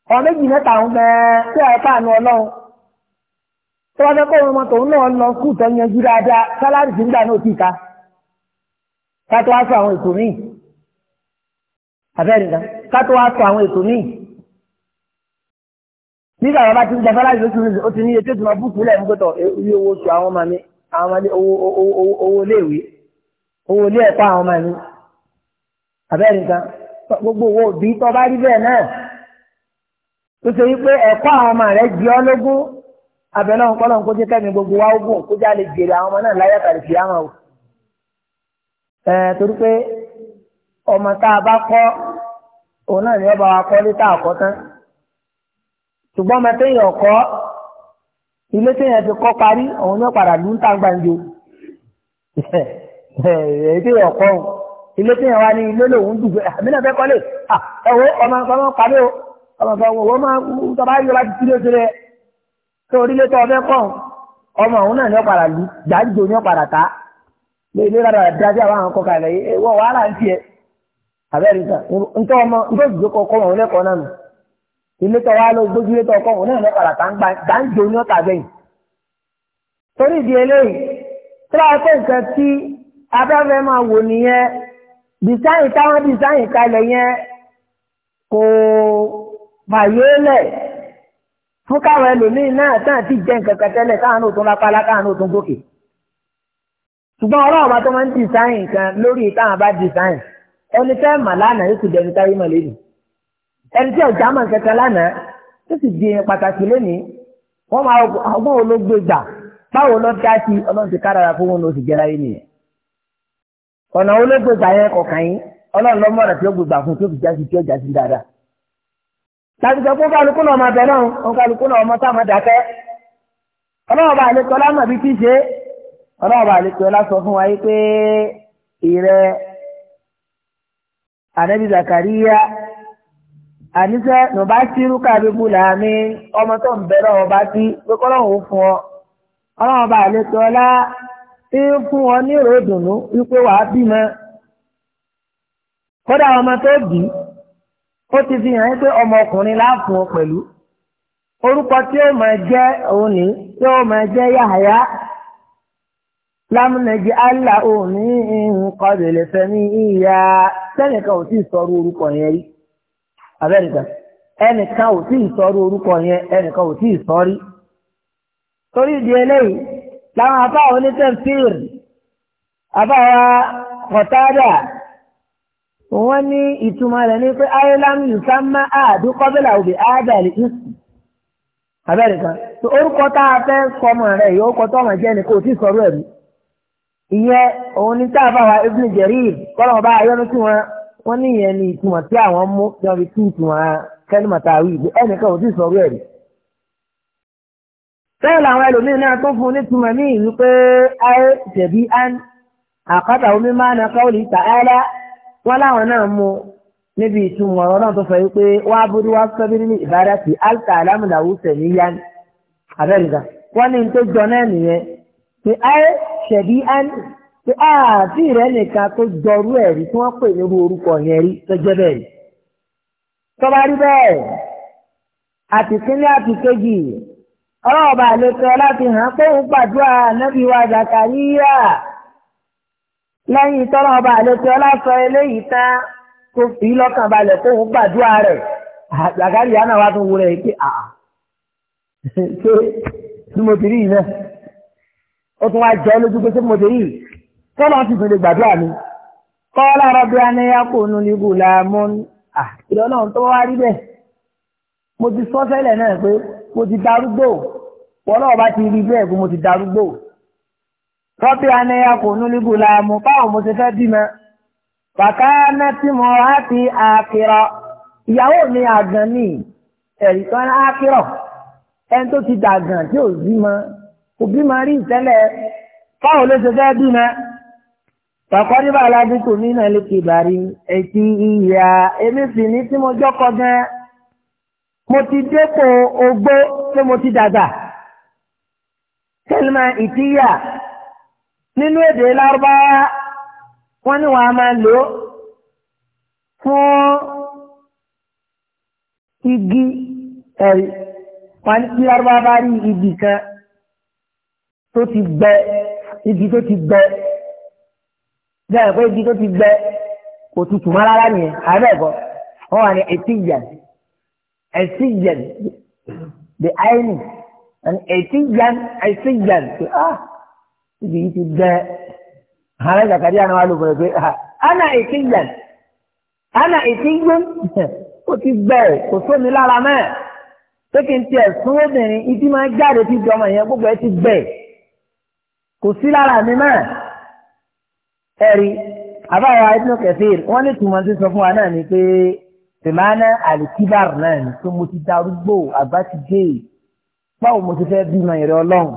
[SPEAKER 1] ọmọ méjì mẹ́ta ń bẹ tí ẹ káàánú ọlọ́run tó wá fẹ́ kó ọmọ tòun náà lọ kú ìtọ́yanjú dáadáa sálárì tí ń gbà náà tì ká tó wá sọ àwọn ètò míì àbẹ́rẹ́dá kátó wá sọ àwọn ètò míì nígbà wọn bá ti ń jẹ fọláṣí lóṣù lóṣù ó ti ní iye tó ti máa búkú lẹ̀ ń gbọ́tọ̀ iye owó oṣù àwọn ọmọ mi àwọn ọmọdé owó iléèwé owó ilé ẹ̀kọ́ àwọn ọmọ mi àbẹ́rẹ́dá gbogbo owó òbí tó bá rí bẹ́ẹ̀ náà tó ṣe wípé ẹ̀kọ́ àwọn ọmọ rẹ̀ jẹ́ ọ́ lógún abẹ́lẹ́ kó jẹ́ kẹ́mi gbogbo wa ó kó já lè ọmọ tá a bá kọ́ òun náà ni ọba wa kọ́ létà àkọ́ tán ṣùgbọ́n ọmọ téèyàn kọ́ ilé téèyàn ti kọ́ parí òun náà padà lù ń tà gbàǹjo èyí téèyàn kọ́ wá ní ilé lòun àmì náà fẹ́ kọ́lé ọmọ nǹkan máa ń parí o ọmọ nǹkan wọ́n máa ń láti tó orílẹ̀ tó ọfẹ́ kọ́ ọmọ òun ní àbẹ́rìíta ntọ́ ọmọ ntọ́ ìdíje kọ́kọ́ wọn lẹ́kọ̀ọ́ náà nù ilé tọ́ wa lọ gbójúlé tọ́ ọkọ́ wọn náà lẹ́kọ̀ọ́ làtà ń gbà dáńjọ ní ọ̀tà bẹ́yìn. torí ìdí eléyìí tíráàkó nǹkan tí abẹ́fẹ́ máa wò nìyẹn dìsáyìn táwọn dìsáyìn kalẹ̀ yẹn kò fàyélẹ̀ fún káwọn ẹlòmíín náà tán ti jẹ́ nǹkan kan tẹ́lẹ̀ káwọn náà tún lápá lákáwọn gòkè ṣùgbọ́n ọlọ́run bá tó máa ń dìsáyìn kan lórí táwọn bá dìsáyìn ẹni tẹ́ mà lánàá yóò ti dẹni táyé mà lẹ́nu ẹni tẹ́ ọ̀já mà kẹta lánàá tó sì di pàtàkì wọ́n máa ọgbọ́n olóògbé gbà báwo lọ ọlọ́run ti kára fún wọn nìyẹn ọ̀nà olóògbé gbà yẹn kọ̀ọ̀kan yín ọlọ́run tí ó fún tó fi já sí tí sí dáadáa fún kálukú náà ọmọ ànábì Zakariya àníṣe nùbá tírú kábí bùlàmí ọmọ tó ń bẹ̀rẹ̀ ọba tí pé kọ́lọ́hún fún ọ ọlọ́run bá lè sọ ọlá tí ń fún ọ ní ìròdùnú wípé wàá bímọ kódà ọmọ tó bì í ó ti fi hàn pé ọmọkùnrin láàfún pẹ̀lú orúkọ tí ó máa jẹ́ òun ní tí ó máa jẹ́ Yahaya lámúnẹ̀jì allah òní nǹkan bẹ̀rẹ̀ fẹ́mi ìyá sẹ́nìkan ò tí ì sọ̀rọ̀ orúkọ yẹn rí abẹ́nìkà ẹnìkan ò tí ì sọ̀rọ̀ orúkọ yẹn ẹnìkan ò tí ì sọ rí. torí ìdí eléyìí làwọn afá onítẹ̀fíìr afáwa kọ̀tádà wọ́n ní ìtumọ̀ rẹ̀ ní pé ayélujára yusama aadu kọ́bílà òbí aadàlì ìsù abẹ́nìkan orúkọ tá a fẹ́ sọmọ rẹ̀ yìí kọ́ tọ́mọ̀ jẹ́ ni kò tí ì sọ̀rọ̀ ẹ̀mí ìyẹn òun ní táàbà wa Ibn Jarir kọ́lọ̀ bá ayọ́nu tí wọ́n wọ́n ní ìyẹn ní ìtumọ̀ tí àwọn mú tí wọ́n fi tú ìtumọ̀ kẹ́límà tààwí ìgbé ẹnìkan ò sì sọ̀rọ̀ ẹ̀rí. bẹ́ẹ̀ làwọn ẹlòmíín náà tó fún nítumọ̀ ní ìlú pé ayé tẹ̀bí án àkọ́tà omi máa na kọ́ọ̀lì ta'ala wọ́n láwọn náà mú níbi ìtumọ̀ ọ̀rọ̀ náà tó fẹ́ pé wá burú wá sọ́bírí ní ìbára pé ayé ṣẹ̀bí áni pé ààbí rẹ̀ nìkan tó jọrú ẹ̀rí tí wọ́n pè nírú orúkọ yẹn rí tó jẹ́ bẹ́ẹ̀. tọ́ba rí bẹ́ẹ̀ àtìkínní àtìkéjì ọlọ́ọ̀bà àlejò láti hàn pé òun gbàdúrà nábì wa Zakariya lẹ́yìn tọ́lọ́ọ̀bà àlejò ọlọ́sọ eléyìí tán tó fi lọ́kàn balẹ̀ pé òun gbàdúrà rẹ̀ Zakariya náà wá tún wúrẹ̀ pé àà ṣé mo ti rí yìí náà ó tún wá jẹ́ lójú pé sẹ́kùn mọ̀tẹ́ yìí tọ́lọ́ ti tún lè gbàdúrà mi kọ́lá rọ́bì anáyàkó nu níbù làmú ìlọ náà tó wá rí bẹ́ẹ̀ mo ti sọ sẹ́lẹ̀ náà pé mo ti darúgbó wọ́n náà bá ti rí bẹ́ẹ̀ pé mo ti darúgbó rọ́bì anáyàkó nu níbù làmú báwo mo ti fẹ́ bímọ bàkà mẹ́tí mo á ti ìyàwó mi àgàn mi ẹ̀rí kan ákìrọ ẹni tó ti dàgàn tí ò kò bí máa rí ìtẹ́lẹ̀ fáwọn ló ṣe fẹ́ bí náà tọkọrí bá aládé tó ní náà lékè ìbàrí ẹtì ìyá èmi sì ní tí mo jọkọ gan mo ti dépò ogbó pé mo ti dàgbà tẹlima ìtìyà nínú èdè lárúbáwá wọn ni wọn máa lò ó fún igi ẹrí wọn ti lárúbáwá bá rí igi kan tó ti gbẹ igi tó ti gbẹ bẹ́ẹ̀ pé igi tó ti gbẹ kò tutù mọ́ rárá nìyẹn àbẹ́ẹ̀kọ́ wọ́n wà ní etiyan etiyan the iron and etiyan etiyan pé ah igi yìí ti gbẹ ààrẹ zakari àná wà lóbọ̀rẹ̀ pé ah ana etiyan ana etiyan ó ti gbẹ kò sómi lára mẹ́ẹ̀ pé kí n tiẹ̀ sún obìnrin ibi máa jáde ti jọmọ yẹn gbogbo ẹ ti gbẹ kò sí lára mi náà ẹ̀rí àbáwá ibùdó kẹfìr wọ́n ní tùmọ̀ sí sọ fún wa náà ni pé tèmánà àlìkíbàr náà ni pé mo ti darúgbó àgbà ti dé báwo mo ti fẹ́ bímọ ìrẹ́ ọlọ́run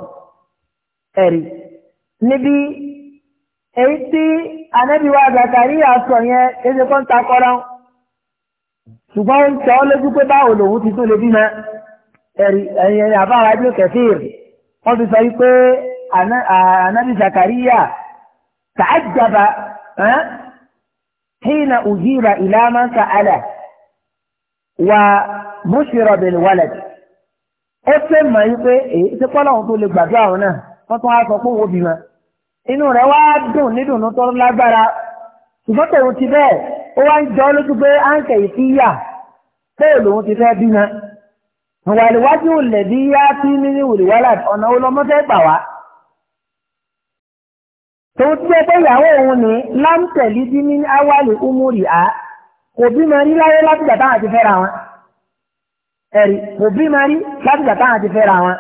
[SPEAKER 1] ẹ̀rí níbi èyí tí anábìwá Zakariya sọ yẹn ẹsẹ kọ́ ń ta kọ́ra ṣùgbọ́n ó ń tọ́ lójú pé báwo lòun ti tó lè bímọ ẹ̀rí ẹ̀yìn àbáwá ibùdó kẹfìr wọ́n ti sọ yìí pé anabi zakariya ta'ajjaba hina ujiba ila man sa'ala wa bushira bil walad ó fẹ́ mọ̀ yí pé èyí tí pọ́lá òun tó lè gbàdúrà òun náà wọ́n tún wá sọ pé òun bímọ inú rẹ̀ wá dùn nídùnnú tó lágbára ṣùgbọ́n tòun ti bẹ́ẹ̀ ó wá ń jọ lójú pé à ń kẹ̀yìn sí yà bẹ́ẹ̀ lòun ti fẹ́ bímọ ìwà ìwájú yá sí nínú ìwòlíwálà ọ̀nà olómọ́fẹ́ gbà wá tòun ti jẹ́ pé ìyàwó òun ní láńtẹ̀lí bí ní awali umuri a kò bímọ rí láyé látìgbà táwọn àti fẹ́ra wọn ẹ̀rí kò bímọ rí látìgbà táwọn àti fẹ́ra wọn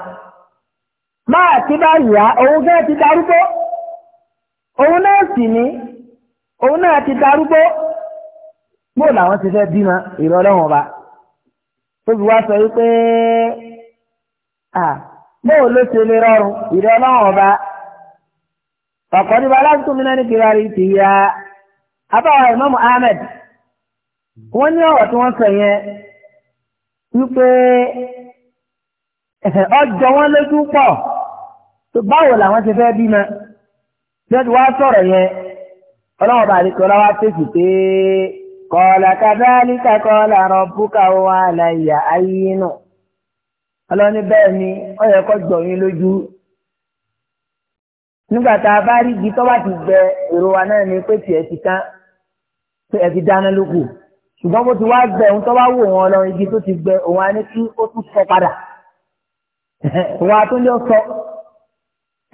[SPEAKER 1] máa ti bá yìá òun fẹ́ ti darúgbó òun náà sì ní òun náà ti darúgbó bó làwọn ti fẹ́ bímọ ìrọ̀lọ́wọ́n ba tóbi wá sọ wípé bó ló ṣe lè rọrùn ìrọ̀lọ́wọ́n ba ọ̀kọ́ni balantu mi náà ní kirari ti ya abáwa imam ahmed wọ́n ní ọ̀rọ̀ tí wọ́n sọ yẹn wípé ọjọ́ wọn lójú pọ̀ tó báwo làwọn ti fẹ́ bímọ lọ́dún wá sọ̀rọ̀ yẹn ọlọ́wọ́n bá àdìsọ ọlọ́wọ́ fèsì pé kọ́ọ̀lá kadhalika kọ́ọ̀lá rabbuka wa alayya ayinu ọlọ́ni bẹ́ẹ̀ ni ó yẹ kó jọ yín lójú nígbà tá a bá rí igi tó bá ti gbẹ èrò wa náà ni pé tiẹ̀ ti tán pé ẹ ti dáná lóko ṣùgbọ́n bó ti wá gbẹ òun tó bá wò wọn lọ igi tó ti gbẹ òun á ní kí ó tún sọ padà òun á tún lé sọ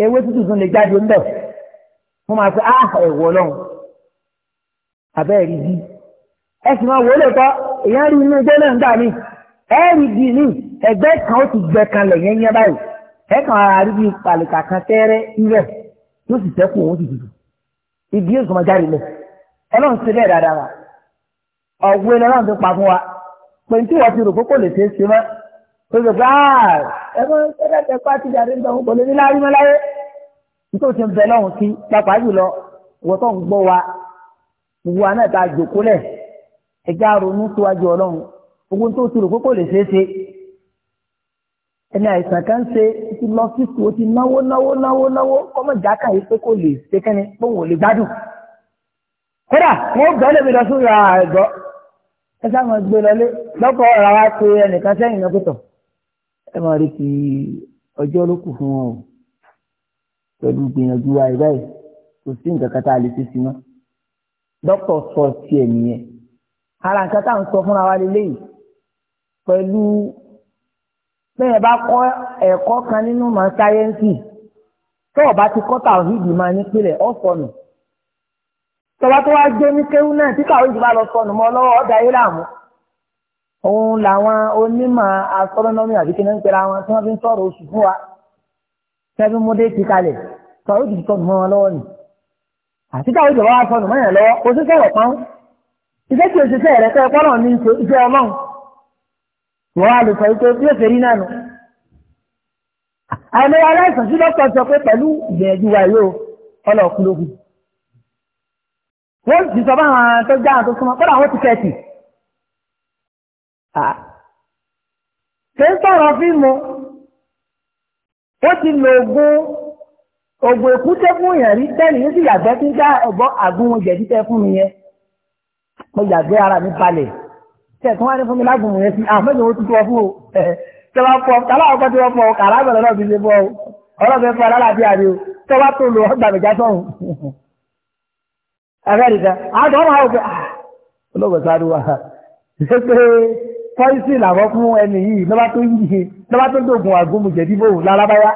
[SPEAKER 1] ewé tútù tún lè jáde ńbẹ wọn máa fi áà ah, ẹwọ lọhùn abẹ́ẹ̀ rí bí ẹ sì máa wò ó lè kọ́ èèyàn rí inú igbó náà ń dà mí ẹ rí bí ní ẹgbẹ́ kan ó ti gbẹ kan lẹ̀ yẹn báyìí ẹ kàn á rí bí pàlìkà kan tẹ́rẹ́ ń rẹ̀ yóò sì tẹ́kù òun sì tutù igi yóò sì máa jáde lẹ̀ ọlọ́run ti bẹ́ẹ̀ dáadáa wa ọ̀gbìn ni ọlọ́run ti pa fún wa pé tí wọ́n ti rò pé kò lè ṣe é ṣe mọ́ pé kò ah, bá ẹ mọ ẹgbẹ́ tẹ pa ti jáde nígbà wọn kò lè ní láyé mọ́ láyé nítorí ti ń bẹ lọ́hùn sí pàápàá jùlọ wọ́n tó ń gbọ́ wa gbogbo wa náà ta lẹ̀ ẹ̀já ronú síwájú ọlọ́run gbogbo tó ti rò pé kò lè ṣe é ṣe ẹni àìsàn kan ṣe ti lọ sí kò ti náwó náwó náwó náwó kọ́mọ̀ jákà yìí pé kò lè ṣe kẹ́ni pé òun ò lè gbádùn. kódà wọ́n bẹ́ẹ̀ lèmi lọ sórí àgọ́ ẹ sáwọn gbé lọlé lọ́pọ̀ ọ̀rọ̀ wa pé ẹnìkan sẹ́yìn náà pẹ̀tọ̀ ẹ máa rí ti ọjọ́ ló kù fún wọn o pẹ̀lú gbìyànjú wa yìí kò sí nǹkan kan tá a lè ṣe sí mọ́ sọ tiẹ̀ nìyẹn ara nǹkan táwọn sọ fúnra wa lélẹ́yìí pẹ̀lú bẹ́ẹ̀ bá kọ́ ẹ̀kọ́ kan nínú mọ̀ sáyẹ́ǹsì tó o bá ti kọ́ tàwíìdì máa nípìnlẹ̀ ọ̀ sọnù tọba tó wá gbé ní kéwú náà tí tàwíìdì bá lọ sọnù mọ́ lọ́wọ́ ọ̀dà ayé làmú òun làwọn onímọ̀ astronomy àbí kí ní ń pera wọn tí wọ́n fi ń sọ̀rọ̀ oṣù fún wa tẹ́bí múdé ti kalẹ̀ tàwíìdì ti sọnù mọ́ wọn lọ́wọ́ ni àti tàwíìdì bá wá sọnù mọ́ yẹn lọ́wọ́ oṣù sọ̀rọ̀ pọ́n iṣẹ́ kí oṣù sẹ́ẹ̀rẹ́ tẹ́ wọ́n á lè sọ wípé bí ó ṣe rí náà nù. àmì aláìsàn sí dókítà sọ pé pẹ̀lú ìgbìyànjú wa yóò ọlọ́ọ̀kú lókun. wọ́n sì sọ báwọn tó já àwọn tó súnmọ́ kódà wọ́n ti kẹ́ẹ̀tì. kì í sọ̀rọ̀ fíìmù ó ti lo oògùn oògùn èkúté fún èèyàn rí tẹ́lẹ̀ yóò sì yàgbẹ́ tí ń dá ọ̀bọ àgún jẹ̀dítẹ́ fún mi yẹn mo yàgbẹ́ ara mi balẹ̀ tẹ̀tún wá ní fún mi lágùnmù yẹn sí àmẹ́jọ ó ti tọ́ fún o tẹwà pọ̀ kàláwọ̀kọ́ tí wọ́n pọ̀ kàlábẹ̀rẹ̀ náà fi ṣe bọ́ o ọlọ́fẹ́ fún alálàáfíà ni o tẹwà tó lò ọgbà mẹ́jà sọ̀hún. abẹ́rẹ́ta àti ọmọ àwọn òkè ah, olóògbé sáré wa ṣe pé pọ́ìsì làwọn fún ẹni yìí lọ́ba tó ń yìí lọ́ba tó ń dògùn àgbòmù jẹ̀dí bò lálábáyá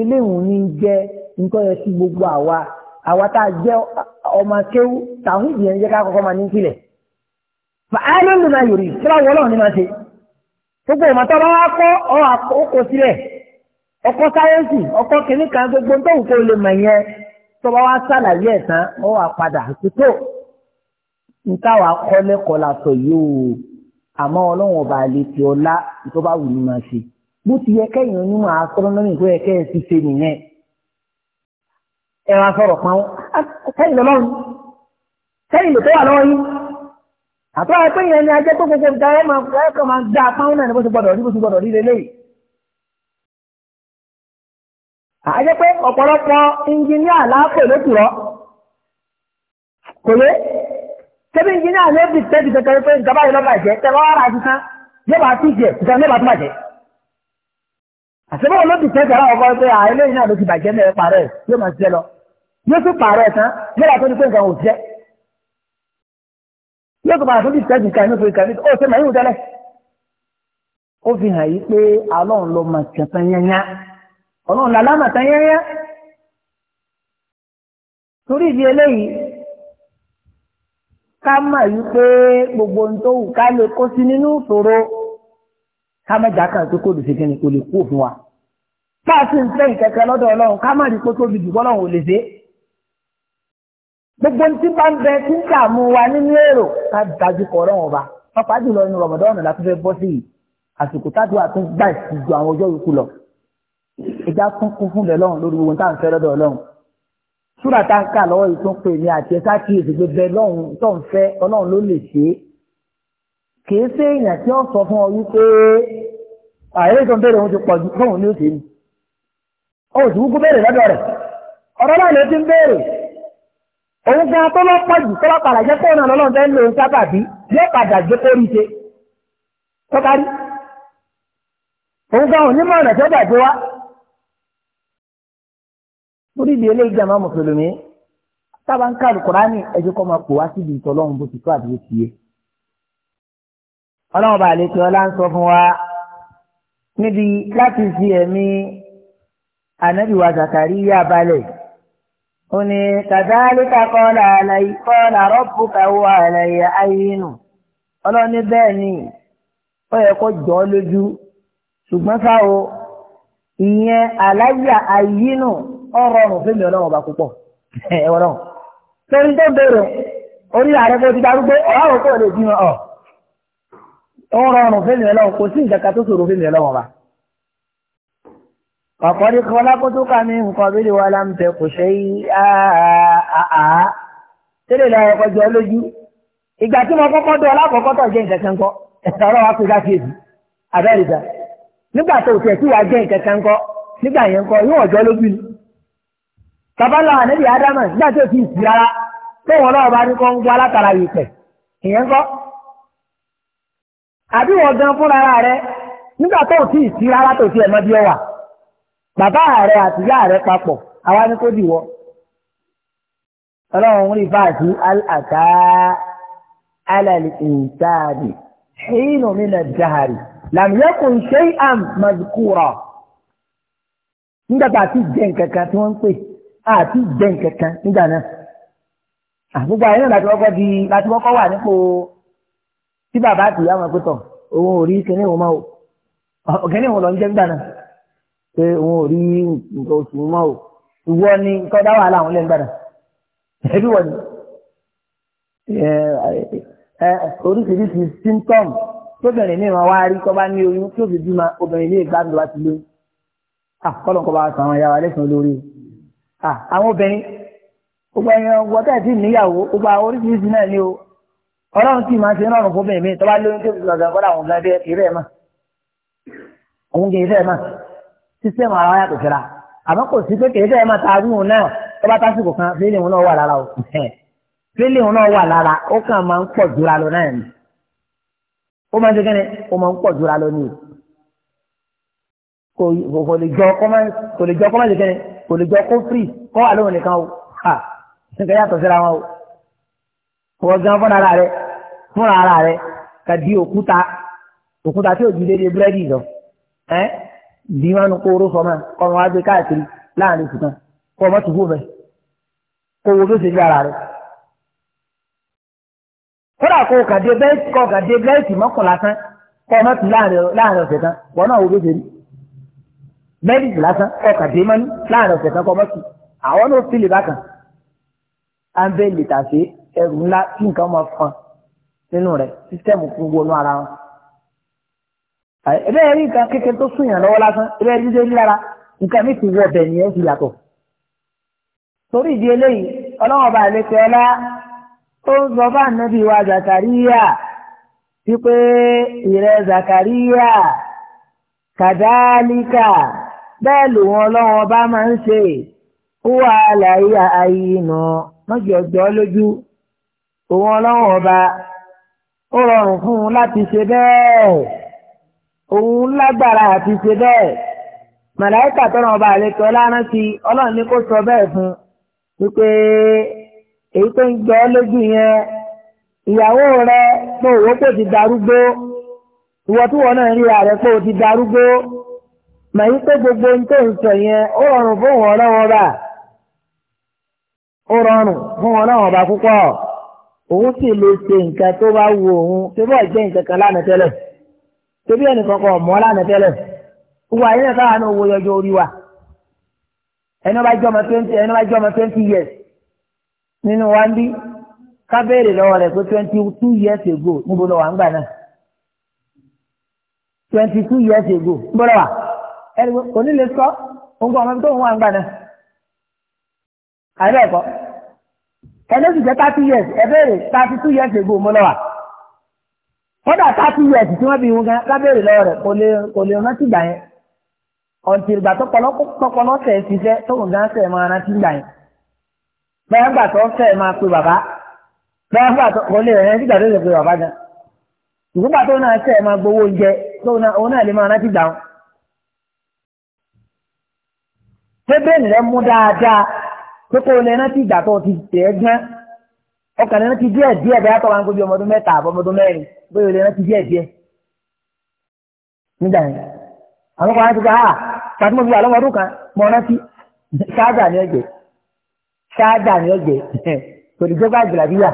[SPEAKER 1] eléwùn ní jẹ́ nǹkan yẹn sí gbogbo àwa àwa tá a jẹ́ ọmọ kéwú tàwọn ìdí fàánù ní ma yòrì síra wọlọ́ ní ma ṣe gbogbo ìmọ̀tọ́ bá wá kọ́ ọkọ̀ sílẹ̀ ọkọ̀ sáyẹ́ǹsì ọkọ̀ kìíní kan gbogbo tó wùkọ́ lè mọ̀ yẹn tó bá wá sàlàyé ẹ̀ tán ọ wà padà àtúntò nǹkan wà kọ́ lẹ́kọ̀ọ́ la sọ yìí o àmọ́ ọlọ́run ọba àlejò ọlá tó bá wù ní ma ṣe bó ti yẹ kẹ́yìn onímọ̀ astronomy tó yẹ kẹ́yìn ti ṣe nìyẹn ẹ wá pọ́n kẹ́yìn lọ́wọ́ kẹ́yìn lọ́wọ́ yín àtọ́ àpé yẹn ni ajẹ́ tó gbogbo ìdáyé máa ń fẹ́ kọ́ máa ń dá apáwọn náà ní bó ti gbọdọ̀ rí bó ti gbọdọ̀ rí lélẹ́yìí. àjẹ́ pé ọ̀pọ̀lọpọ̀ ìnjìníà láàpò ló kù rọ́ kò yé tẹ́bí ìnjìníà ló bì tẹ́bí tẹ́tẹ́ pé ìjọba yìí lọ́ba ìjẹ́ tẹ́wọ́ ara ti tán yóò bá tún jẹ ìtàn yóò bá tún bàjẹ́. àṣebọ́ ló bì tẹ́tẹ́ ara ọkọ pé àìlẹ́yìn náà ló ti bàjẹ́ mẹ́ẹ̀ parẹ́ yóò máa jẹ lọ yóò tún parẹ́ yóò kọ́ bá àtúntì sẹ́ẹ̀tì ká inú fèrèkà nítorí ó ṣe màá yóò tẹ́lẹ̀. ó fi hàn yí pé ọlọ́run ló mà kẹsàn yányá ọlọ́run làlá mà tán yányá. torí ìdí eléyìí ká mà yí pé gbogbo ohun tó wù ká lè kó sí nínú ìṣòro ká tó kó lè ṣe kí ni lè kú òfin wa. bá a sì ń fẹ́ ìkẹ́kẹ́ gbogbo tí bá ń bẹ tí ń dààmú wa nínú èrò ká dájú kọ ọ̀rọ̀ ọba pápá jùlọ inú rọmọdọ́ọ̀nù la tún fẹ́ bọ́ sí yìí àsìkò tájú àti gbà ìsìnkú àwọn ọjọ́ yòókù lọ ìjà tún kún fún bẹ̀ lọ́hùn lórí gbogbo táwọn fẹ́ lọ́dọ̀ ọlọ́hùn súrà tá ń kà lọ́wọ́ yìí tó ń pè ní àti ẹ̀ka kí èsì gbẹgbẹ lọ́hùn tó ń fẹ́ ọlọ́hùn ló lè ṣe é kìí ṣe èèyàn tí ó sọ fún ọ wípé àìrí tó òun gan tó lọ pọ̀ jù tọ́lá padà jẹ́ kóun náà lọ́lọ́run fẹ́ lòun sábà bí yóò padà gbé kórí ṣe tó parí òun gan òní mọ̀nà tó dàgbé wá. torí ìdí eléyìí jàmá mùsùlùmí sábà ń kàlù kùránì ẹjọ́ kọ́ máa pò wá síbi ìtọ́lọ́run bó ti tó àdúgbò ti yé. ọlọ́run bá lè fi ọlá ń fún wa níbi láti fi ẹ̀mí ànábìwá Zakariya balẹ̀. oni kàdálíkà kọ́lá kọ́lá rọ́bùkà wọ àlàyé ayínú ọlọ́ni bẹ́ẹ̀ ni ó yẹ kó jọ lójú ṣùgbọ́n sáwo ìyẹn àlàyé ayínú ọ̀rọ̀rùn fún mi ọlọ́wọ́ bá púpọ̀ ẹ̀wọ̀n torí tó orí ààrẹ ti darúgbó kó lè bímọ ọ̀ fún mi kò sí Ọ̀kọ́rí kọlá kó tó kà mí nǹkan bí wà láǹtẹ̀ kò ṣe é àá. Tẹ́lẹ̀ lọ ọkọ̀ jọ lójú. Ìgbà tí mo kọ́kọ́ dọ̀ lákọ̀ọ́kọ́ tọ̀ jẹ́ nǹkan kan kọ́. Ẹ̀ka ọ̀rọ̀ wa pè láti èdè. Àbẹ́rìdà. Nígbà tó tiẹ̀ tí wàá jẹ́ nǹkan kan kọ́. Nígbà yẹn kọ́ yóò ọ̀jọ́ lójú ni. Babalá ànábì Ádámà nígbà tó ti ìsì bàbá rẹ àti ìyá rẹ papọ̀ àwa ni kò dìwọ́ ọlọ́run rí fáàtì àtà alàlì ìsáàdì hìnnù nínú jahari làmìyẹ́kùn ṣe àm mazkura nígbà tá a ti jẹ nǹkan kan tí wọ́n ń pè àti jẹ nǹkan kan nígbà náà àgbogbo àyẹ̀nà láti kọ́kọ́ di láti kọ́kọ́ wà nípò tí bàbá àti ìyá wọn pé tọ̀ òun ò rí kíní òun máa ò kíní òun lọ ń jẹ́ nígbà náà pé wọn ò rí nǹkan oṣù mọ́ o ìwọ ni nǹkan dá wàhálà àwọn lẹ́nu gbàdà ẹbí wọ̀ ni oríṣiríṣi symptom tóbìnrin ní ìwọ̀n wá rí tó bá ní oyún tí ó fi bímọ obìnrin ní ìgbàdùn láti lóyún àkọlọ̀ kọ́ bá sọ àwọn ìyàwó alẹ́sàn lórí àwọn obìnrin gbogbo ẹ̀yàn wọ́tẹ́ tí níyàwó gbogbo àwọn oríṣiríṣi náà ni o ọlọ́run sì máa ń ṣe rọrùn fún bẹ̀rẹ̀ mi tó bá lóyún tó fi lọ́gàn àwọn ọ̀gá ẹ̀rẹ́ mà òun kì í fẹ́ mà sísẹ́mù ara yàtọ̀ síra àmọ́ kò sí pé kèéjọ́ ẹ máa ta arúgbó náà tó bá tásìkò kan fílẹ̀ òun náà wà lára o fílẹ̀ òun náà wà lára ó kàn máa ń pọ̀ jura lọ náà ni ó máa ń dégẹ́ni ó máa ń pọ̀ jura lọ ni o kò lè jọ kọ́ máa kò lè jọ kọ́ máa dégẹ́ni kò lè jọ kó firi kọ́ wà nìkan o ha nǹkan yàtọ̀ síra wọn o wọ́n gan fúnra rẹ̀ fúnra rẹ̀ kà di òkúta òkúta tí ò díwánu kó oró sọmọ ọmọ wa gbé káàkiri láàrin oṣù kan kó ọmọ tìbú mẹ kó wo tó ṣe ní ara rẹ. kódà kó kàdé bẹ́ẹ̀tì kó kàdé bẹ́ẹ̀tì mọ́kànlá tán kó ọmọ tì láàrin ọ̀sẹ̀ kan wọn náà wo tó ṣe ní. bẹ́ẹ̀tì lásán kó kàdé mọ́ni láàrin ọ̀sẹ̀ kan kó ọmọ tì àwọn náà fi lè bákan. à ń bẹ́ẹ̀ lè tàṣe ẹrù ńlá tí nǹkan máa fọn nínú rẹ̀ sísẹ́mù fún wọnú ara ẹbẹ́ yẹn rí nǹkan kékeré tó sùn yàn lọ́wọ́ lásán ẹbẹ́ yẹn dídé lára nǹkan mi ti wọ bẹ̀ẹ̀ nìyẹn ti yàtọ̀. torí ìdí eléyìí ọlọ́wọ́n bá lè tẹ ọlá ó ń sọ fún ànábì wa Zakariya wípé ìrẹ́ Zakariya kàdálíkà bẹ́ẹ̀ lòun ọlọ́wọ́n bá máa ń ṣe wúwa àlàyé àyínà mọ́jọ́jọ́ lójú òun ọlọ́wọ́n ọba ó rọrùn fún un láti ṣe bẹ́ẹ̀ òun lágbára àti ṣe bẹ́ẹ̀ màláìkà tọrọ ọba àlejò lárántí ọlọ́run ní kó sọ bẹ́ẹ̀ fún wípé èyí tó ń jọ ọ́ lójú yẹn ìyàwó rẹ pé òwò kò ti darúgbó ìwọ tí wọn náà ń ríra rẹ pé o ti darúgbó màyí pé gbogbo ohun tó ń sọ yẹn ó rọrùn fún wọn lọ́wọ́ bá ó rọrùn fún wọn lọ́wọ́ bá púpọ̀ òun sì lè ṣe nǹkan tó bá wù òun tó bá jẹ́ nǹkan kan lánàá tẹ́lẹ̀. torí ẹnì kọkọ ọ̀mọ́ lánàá tẹ́lẹ̀ gbogbo àyè owó yọjọ orí wa ẹni bá jọmọ twenty ẹni bá years nínú wa ń bí ká lọ́wọ́ rẹ̀ pé years ago níbo lọ wà náà twenty two years ago níbo sọ ọmọ tó ń náà years years ago kódà thirty years tí wọ́n bí wọn gan lábẹ́rẹ́ lọ́wọ́ rẹ̀ kò lè kò lè rántí gbà yẹn ọ̀tí ìgbà tọpọlọ tẹ̀ ṣiṣẹ́ tóun gan sẹ̀ máa rántí gbà yẹn bẹ́ẹ̀ gbà tó fẹ́ máa pe bàbá bẹ́ẹ̀ gbà tó kò lè rẹ̀ nígbà tó lè pe bàbá gan ìgbà tó náà sẹ̀ máa gbowó oúnjẹ tóun náà lè máa rántí gbà wọn. pé bẹ́ẹ̀ ni rẹ mú dáadáa pé kó o lè rántí ìgbà tó ti tẹ̀ ẹ́ ọkàn lè rántí díẹ̀ díẹ̀ bẹ́ẹ̀ tọ́ wa ń kó bí ọmọdún mẹ́ta àbọ̀ ọmọdún mẹ́rin bóyá lè rántí díẹ̀ díẹ̀ nígbà yẹn àwọn kan á ti sọ ah pàtó mo fi wà lọ́mọdún kan mo rántí ṣáájà ni ọ̀jẹ̀ ṣáájà ni ọ̀jẹ̀ kò ní jẹ́gbà jìlàbíyà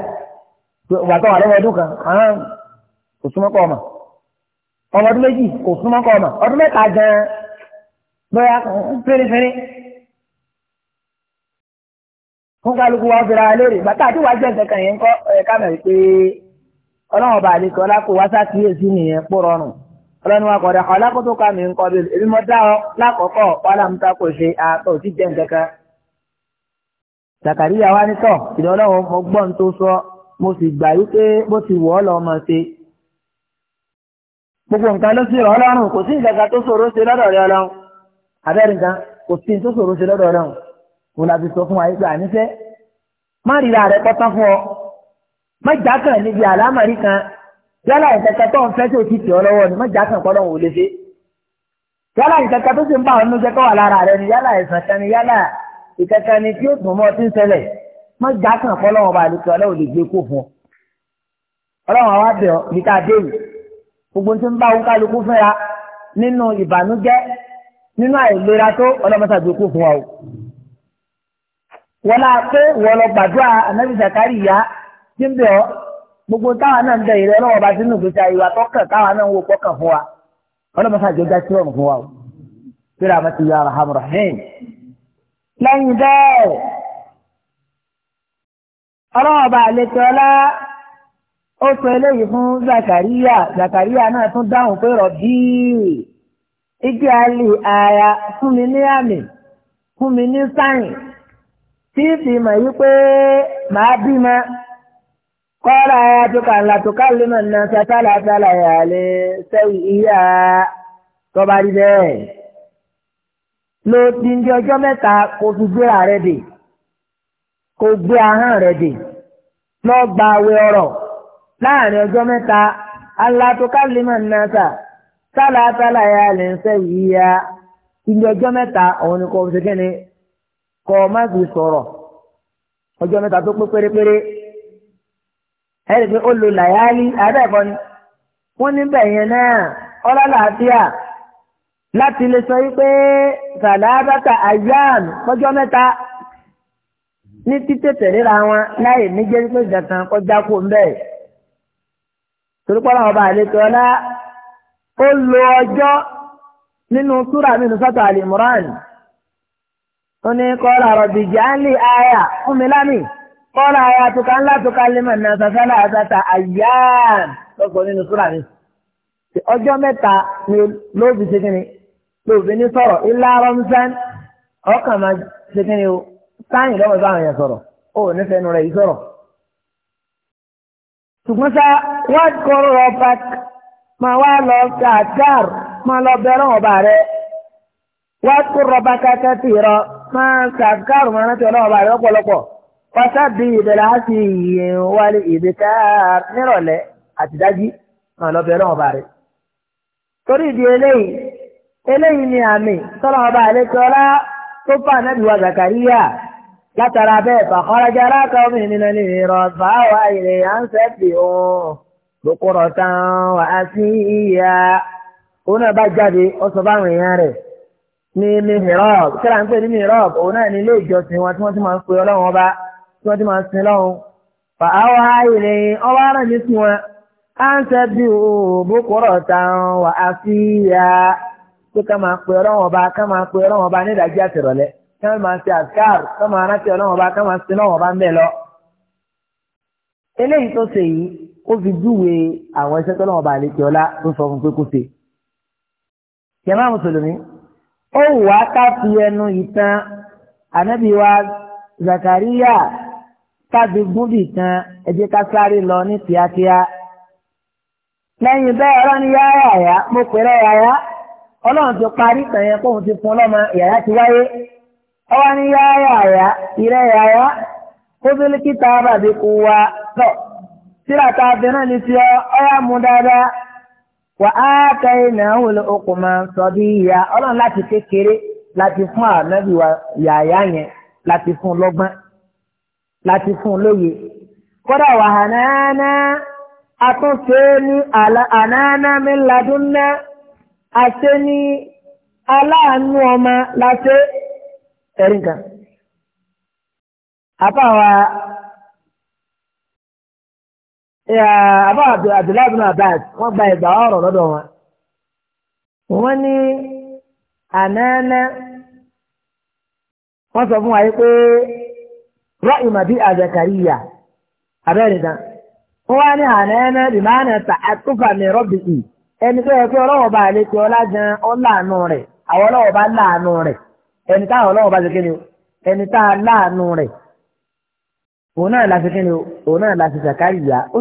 [SPEAKER 1] wà tó wà lọ́mọdún kan àwọn kò súnmọ́ kọ́ ọmọ ọmọdún méjì kò súnmọ́ kọ́ ọmọ ọdún mẹ́ta gan-an bóyá fẹ́rẹ́fẹ́rẹ́ fún kálukú wa fira lórí bàtà tí wàá jẹ́ kankan yẹn kọ́ ẹ̀ka mẹ́rin pé ọlọ́run bá àlekọ́ lákò wá sákìyèsí nìyẹn pọ̀ rọrùn ọlọ́run wa kọ̀dà kọ́ lákòótó ká mi ń kọ́ bí èmi mọ́ dá ọ lákọ̀ọ́kọ́ wàhálà ń takò ṣe àtọ̀ tí jẹ́ kankan. Zakariya wa ní tọ̀ ìdọ̀ ọlọ́run mo gbọ́ tó sọ mo sì gbà yí pé bó ti wọ̀ ọ́ lọ ṣe. gbogbo nǹkan ló sì rọ̀ ọlọ́run kò sí nǹkan tó ṣòro ṣe lọ́dọ̀ ọlọ́run kó la fi sọ fún wa yìí pé àníṣe má ríra rẹ pátá fún ọ má jákàn níbi àlámàrí kan yálà ìkẹkẹ tó ń fẹ́ tí o ti tẹ̀ ọ́ lọ́wọ́ ni má jákàn kọ́ lọ́wọ́ ò lè ṣe yálà ìkẹkẹ tó ti ń bá ọ nínú jẹ́ kọ́ wà lára rẹ ni yálà ẹ̀sán kan ni yálà ìkẹkẹ ni tí ó dùn mọ́ ti ń ṣẹlẹ̀ má jákàn kọ́ lọ́wọ́ bá àlùkò ọlọ́wọ́ lè gbé kó fún ọ ọlọ́wọ́ àwa bẹ̀ ọ́ déwì gbogbo tí ń bá wọn kálukú fúnra nínú ìbànújẹ́ nínú àìlera tó ọlọ́mọ wọ́n lá pé wọ́n lọ gbàdúrà ànábì Zakariya tí ń bẹ̀ ọ́ gbogbo táwọn náà ń bẹ̀ ìrẹ́ lọ́wọ́ bá sínú ìgbésí ayé wa tọ́kàn táwọn náà ń wo pọ́kàn fún wa ọlọ́mọṣá àjọjá sí ọ̀run fún wa o síra àwọn ti yọ arahamu rahim. lẹ́yìn bẹ́ẹ̀ ọlọ́wọ́ bá àlejò ọlá ó sọ eléyìí fún Zakariya Zakariya náà tún dáhùn pé rọ̀bí igi àlè àyà fún mi ní àmì fún mi ní sáyìn. tí fi mọ̀ yí pé màá bímọ kọ́ra àtúkànlá tó kálí mọ̀ náà sátálà sálà yà lè sẹ́yìn ìyá tọ́ba rí bẹ́ẹ̀. lo ti di ọjọ́ mẹ́ta kó fi gbéra rẹ dè kó gbé ahọ́n rẹ dè lọ gba àwẹ̀ ọ̀rọ̀ láàrin ọjọ́ mẹ́ta alátókálí náà sà sálà sálà kọ́ ọ má fi sọ̀rọ̀ ọjọ́ mẹ́ta tó pé pérépéré ẹ rí i pé ó lo làyálí àbẹ́ẹ̀kọ́ ni wọ́n níbẹ̀ yẹn náà ọlọ́làáfíà láti lè sọ wípé sàlábàtà ayán kọjọ́ mẹ́ta ní títètè ríra wọn láì ní jẹ́ pé ìdàkan kọjá kó ń bẹ̀. torípọ́lá ọba àlejò ọlá ó lo ọjọ́ nínú súrà mi nù sọ́tọ̀ àlìmùrán. ó ní kọ́lá rọ̀bìjà ń lè aya kọ́lá aya tuka ńlá tuka náà àyà nínú mi. ọjọ́ mẹ́ta ni lóòbí ṣe lóòbí ní sọ̀rọ̀ ilá rọ́mùsán ọkàn máa ṣe o sáyìn lọ́wọ́ sáwọn yẹn sọ̀rọ̀ ó nífẹ̀ẹ́ nu rẹ̀ yìí sọ̀rọ̀. ṣùgbọ́n sá wọ́n kọ́ rọ̀ pàk máa wá lọ kàkàr máa wá kó rọba kẹkẹ tì rọ máa ṣàkárò máa rántí ọlọ́wọ́ báyìí lọ́pọ̀lọpọ̀ pátá bí ìbẹ̀rẹ̀ á sì yìn wálé ìbẹ̀ká nírọ̀lẹ́ àtidájí máa lọ bẹ̀rẹ̀ ọba rẹ̀. torí ìdí eléyìí eléyìí ni àmì tọ́lọ́ ọba àlékọ́lá tó fà nábì wa Zakariya látara bẹ́ẹ̀ ní ìrè à ń òun lókùrọ̀ tán wà á sí ìyá òun náà bá jáde ó sọ èèyàn rẹ̀. ní ní mìíràn kíra ń pè ní mìíràn òun náà ní ilé ìjọsìn wọn tí wọ́n ti máa ń pe ọlọ́run ọba tí wọ́n ti máa ń sin lọ́run fà á wá ìrìn ọwọ́ ara mi sí wọn á ń tẹ́bi òbókòrò táwọn wà á fi ya pé ká máa pe ọlọ́run ọba ká máa pe ọlọ́run ọba ní ìdájí àtìrọ̀lẹ́ ká máa ṣe àṣkáàrù ká máa rántí ọlọ́run ọba ká máa sin ọlọ́run ọba ń bẹ̀ lọ. eléyìí tó ṣe yìí ó fi júwe àwọn iṣẹ́ tọ́lọ́run ọba àlejò ọlá tó sọ fún pé kó ṣe. kẹ̀má ó wà ká fi ẹnu ìtàn ànábì wa Zakariya tan gúnbì kan ká sáré lọ ní kíákíá lẹ́yìn bẹ́ẹ̀ ọlọ́ni yáyà yá mo ọlọ́run ti parí ìtàn yẹn kóun ti fún ọlọ́mọ yàyà ti wáyé ọwọ́ ní yáyà yá ìrẹ́ bàbí kú wa síra tá a bẹ̀rẹ̀ ní ọ mú dáadáa. wà á ka iná wòlé okùnmá sọdí ìyá ọlọ́run láti kékeré láti fún ànábì wa yàyà yẹn láti fún lọ́gbọ́n láti fún lóye kódà wà hànáná àtúnṣe ní ànáná mi ladúnná àṣẹ ní aláàánú ọmọ láṣẹ ẹ̀rí àbáwa àbá abdullahi bin abbas gba ìgbà ọrụ lọ́dọ̀ wọn. wọn ní ànáná wọ́n sọ fún wa yìí pé rọ́ìmọ̀ bíi àzàkàríyà abẹ́rẹ́ dán. wá ní ànáná bìmánà ta àtúfà mi rọ́bì ì ẹni tó yẹ kí ọlọ́wọ́ bá lè kí ọlá gan rẹ̀ àwọn ọlọ́wọ́ bá láàánú rẹ̀ òun náà láti kí ni òun náà láti zakariya ó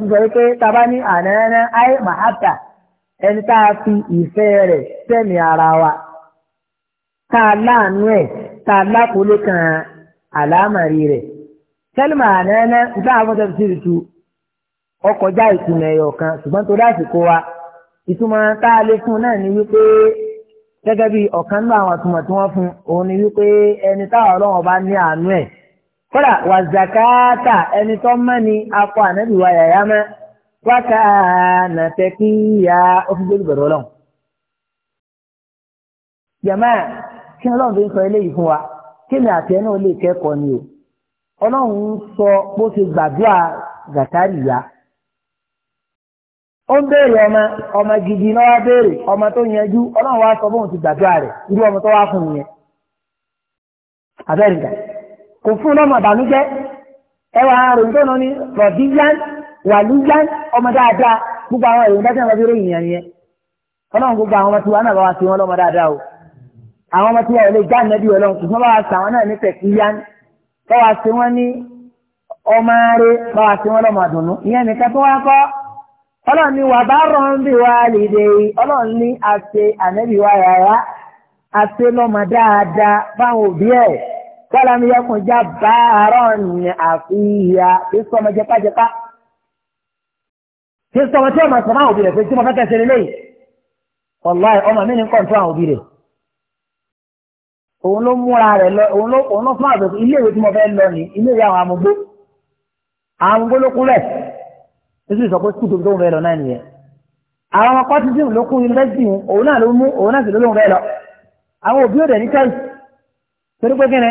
[SPEAKER 1] sọ wípé taba ní ànáná ayé mahata ẹni tá a fi ìfẹ́ rẹ̀ sẹ́mi ara wa tá a láàánú ẹ̀ tá a lákòólé kan àlámàrí rẹ̀ sẹ́lìmà ànáná ìgbà àwọn tẹ̀sí ìtú ọkọjá ìtumọ̀ ẹ̀yọ̀ kan ṣùgbọ́n tó láti wa ìtumọ̀ tá a lè fún náà ni wípé gẹ́gẹ́ bí ọ̀kan nínú àwọn àtúmọ̀ tí wọ́n ni wípé ẹni kódà wà zakata ẹni tó mọ́ ni akọ ànábì wa yàyà wákà ya ó fi gbé gbèrò lọ. jàmá kí ọlọ́run fi ń sọ eléyìí fún wa kí ni àti ẹnu lè kẹ́kọ̀ọ́ ni o ọlọ́run ń sọ bó ti gbàdúrà ó ń béèrè ọmọ ọmọ gidi náà wá béèrè ọmọ tó yanjú ọlọ́run wá sọ bóun ti gbàdúrà kò fún lọ́mọ ìbànújẹ́ ẹwà àrùn tó náà ní rọ̀bíyán wàlúyán ọmọ dáadáa gbogbo àwọn èròjà tí wọn fi ròyìn yẹn yẹn ọlọ́run gbogbo àwọn ọmọ tiwa náà bá wa ti wọn lọ́mọ dáadáa o àwọn ọmọ tiwa ò lè já nẹ́bí ọlọ́run kò fún bá wa sàwọn náà ní tẹ̀kíyán bá wa ti wọn ní ọmọ rẹ bá wa ti wọn lọ́mọ àdùnnú ìyẹn nìkan tó wá kọ́ ọlọ́run ní wà bá rọ̀ kọ́lámi yẹkùn já báárọ̀ ní àfihàn kí sọmọ jẹkájẹká kí sọmọ tí ọmọ sọmọ àwọn òbí rẹ̀ pé tí mo fẹ́ kẹsẹ̀ lélẹ́yìí wàláì ọmọ mi ní kọ́ńtò àwọn òbí rẹ̀ òun ló múra rẹ̀ lọ òun ló òun ló fún àgbẹ̀ ilé ìwé tí mo fẹ́ lọ ní ilé ìwé àwọn amúgbó àwọn amúgbó ló kún rẹ̀ nítorí ìsọ̀kò sùkúù tó tóun fẹ́ lọ náà nìyẹn àwọn ọmọ kọ́tísìm ló kún yunifásitì òun náà ló mú òun náà sì ló lóun fẹ́ lọ àwọn òbí ò dẹ̀ ní káyì torí pé kí ni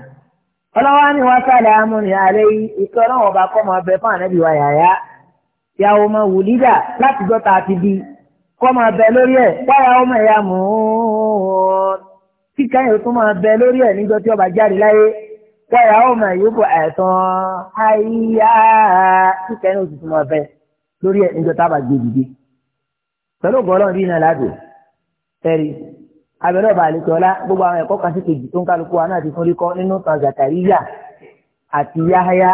[SPEAKER 1] ọlọ́wọ́ ni wọ́n sálẹ̀ amúnì ààrẹ ìkẹ́ ọlọ́wọ́ ọba kọ́ máa bẹ fún ànábì wa yàyà ìyàwó ọmọ wùlídà láti dọ́ta àti bí kọ́ máa bẹ lórí ẹ̀ wáyà ọmọ ẹ̀yà mú un kí kẹ́yìn tó máa bẹ lórí ẹ̀ níjọ́ tí ọba jáde láyé wáyà ọmọ ìyókù ẹ̀sán àyíyá kí kẹ́yìn oṣù máa bẹ lórí ẹ̀ níjọ́ tábà gbé dìde pẹ̀lú ọgọ́ ọlọ́run bí iná ládùn abẹ́rẹ́ ọba àlejòọ́lá gbogbo àwọn ẹ̀kọ́ kan sí kejì tó ń kálukú wa náà ti fún ríkọ́ nínú tàn zakariya àti yahaya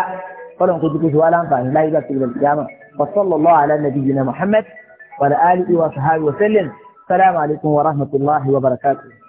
[SPEAKER 1] fọlọ́n kó dúkú sí wa láǹfààní láyé bá tìrìbẹ̀ tìyàmà wa sallallahu ala nabiyyina muhammad wa ala alihi wa sahbihi wa sallam salamu alaykum wa rahmatullahi wa barakatuh.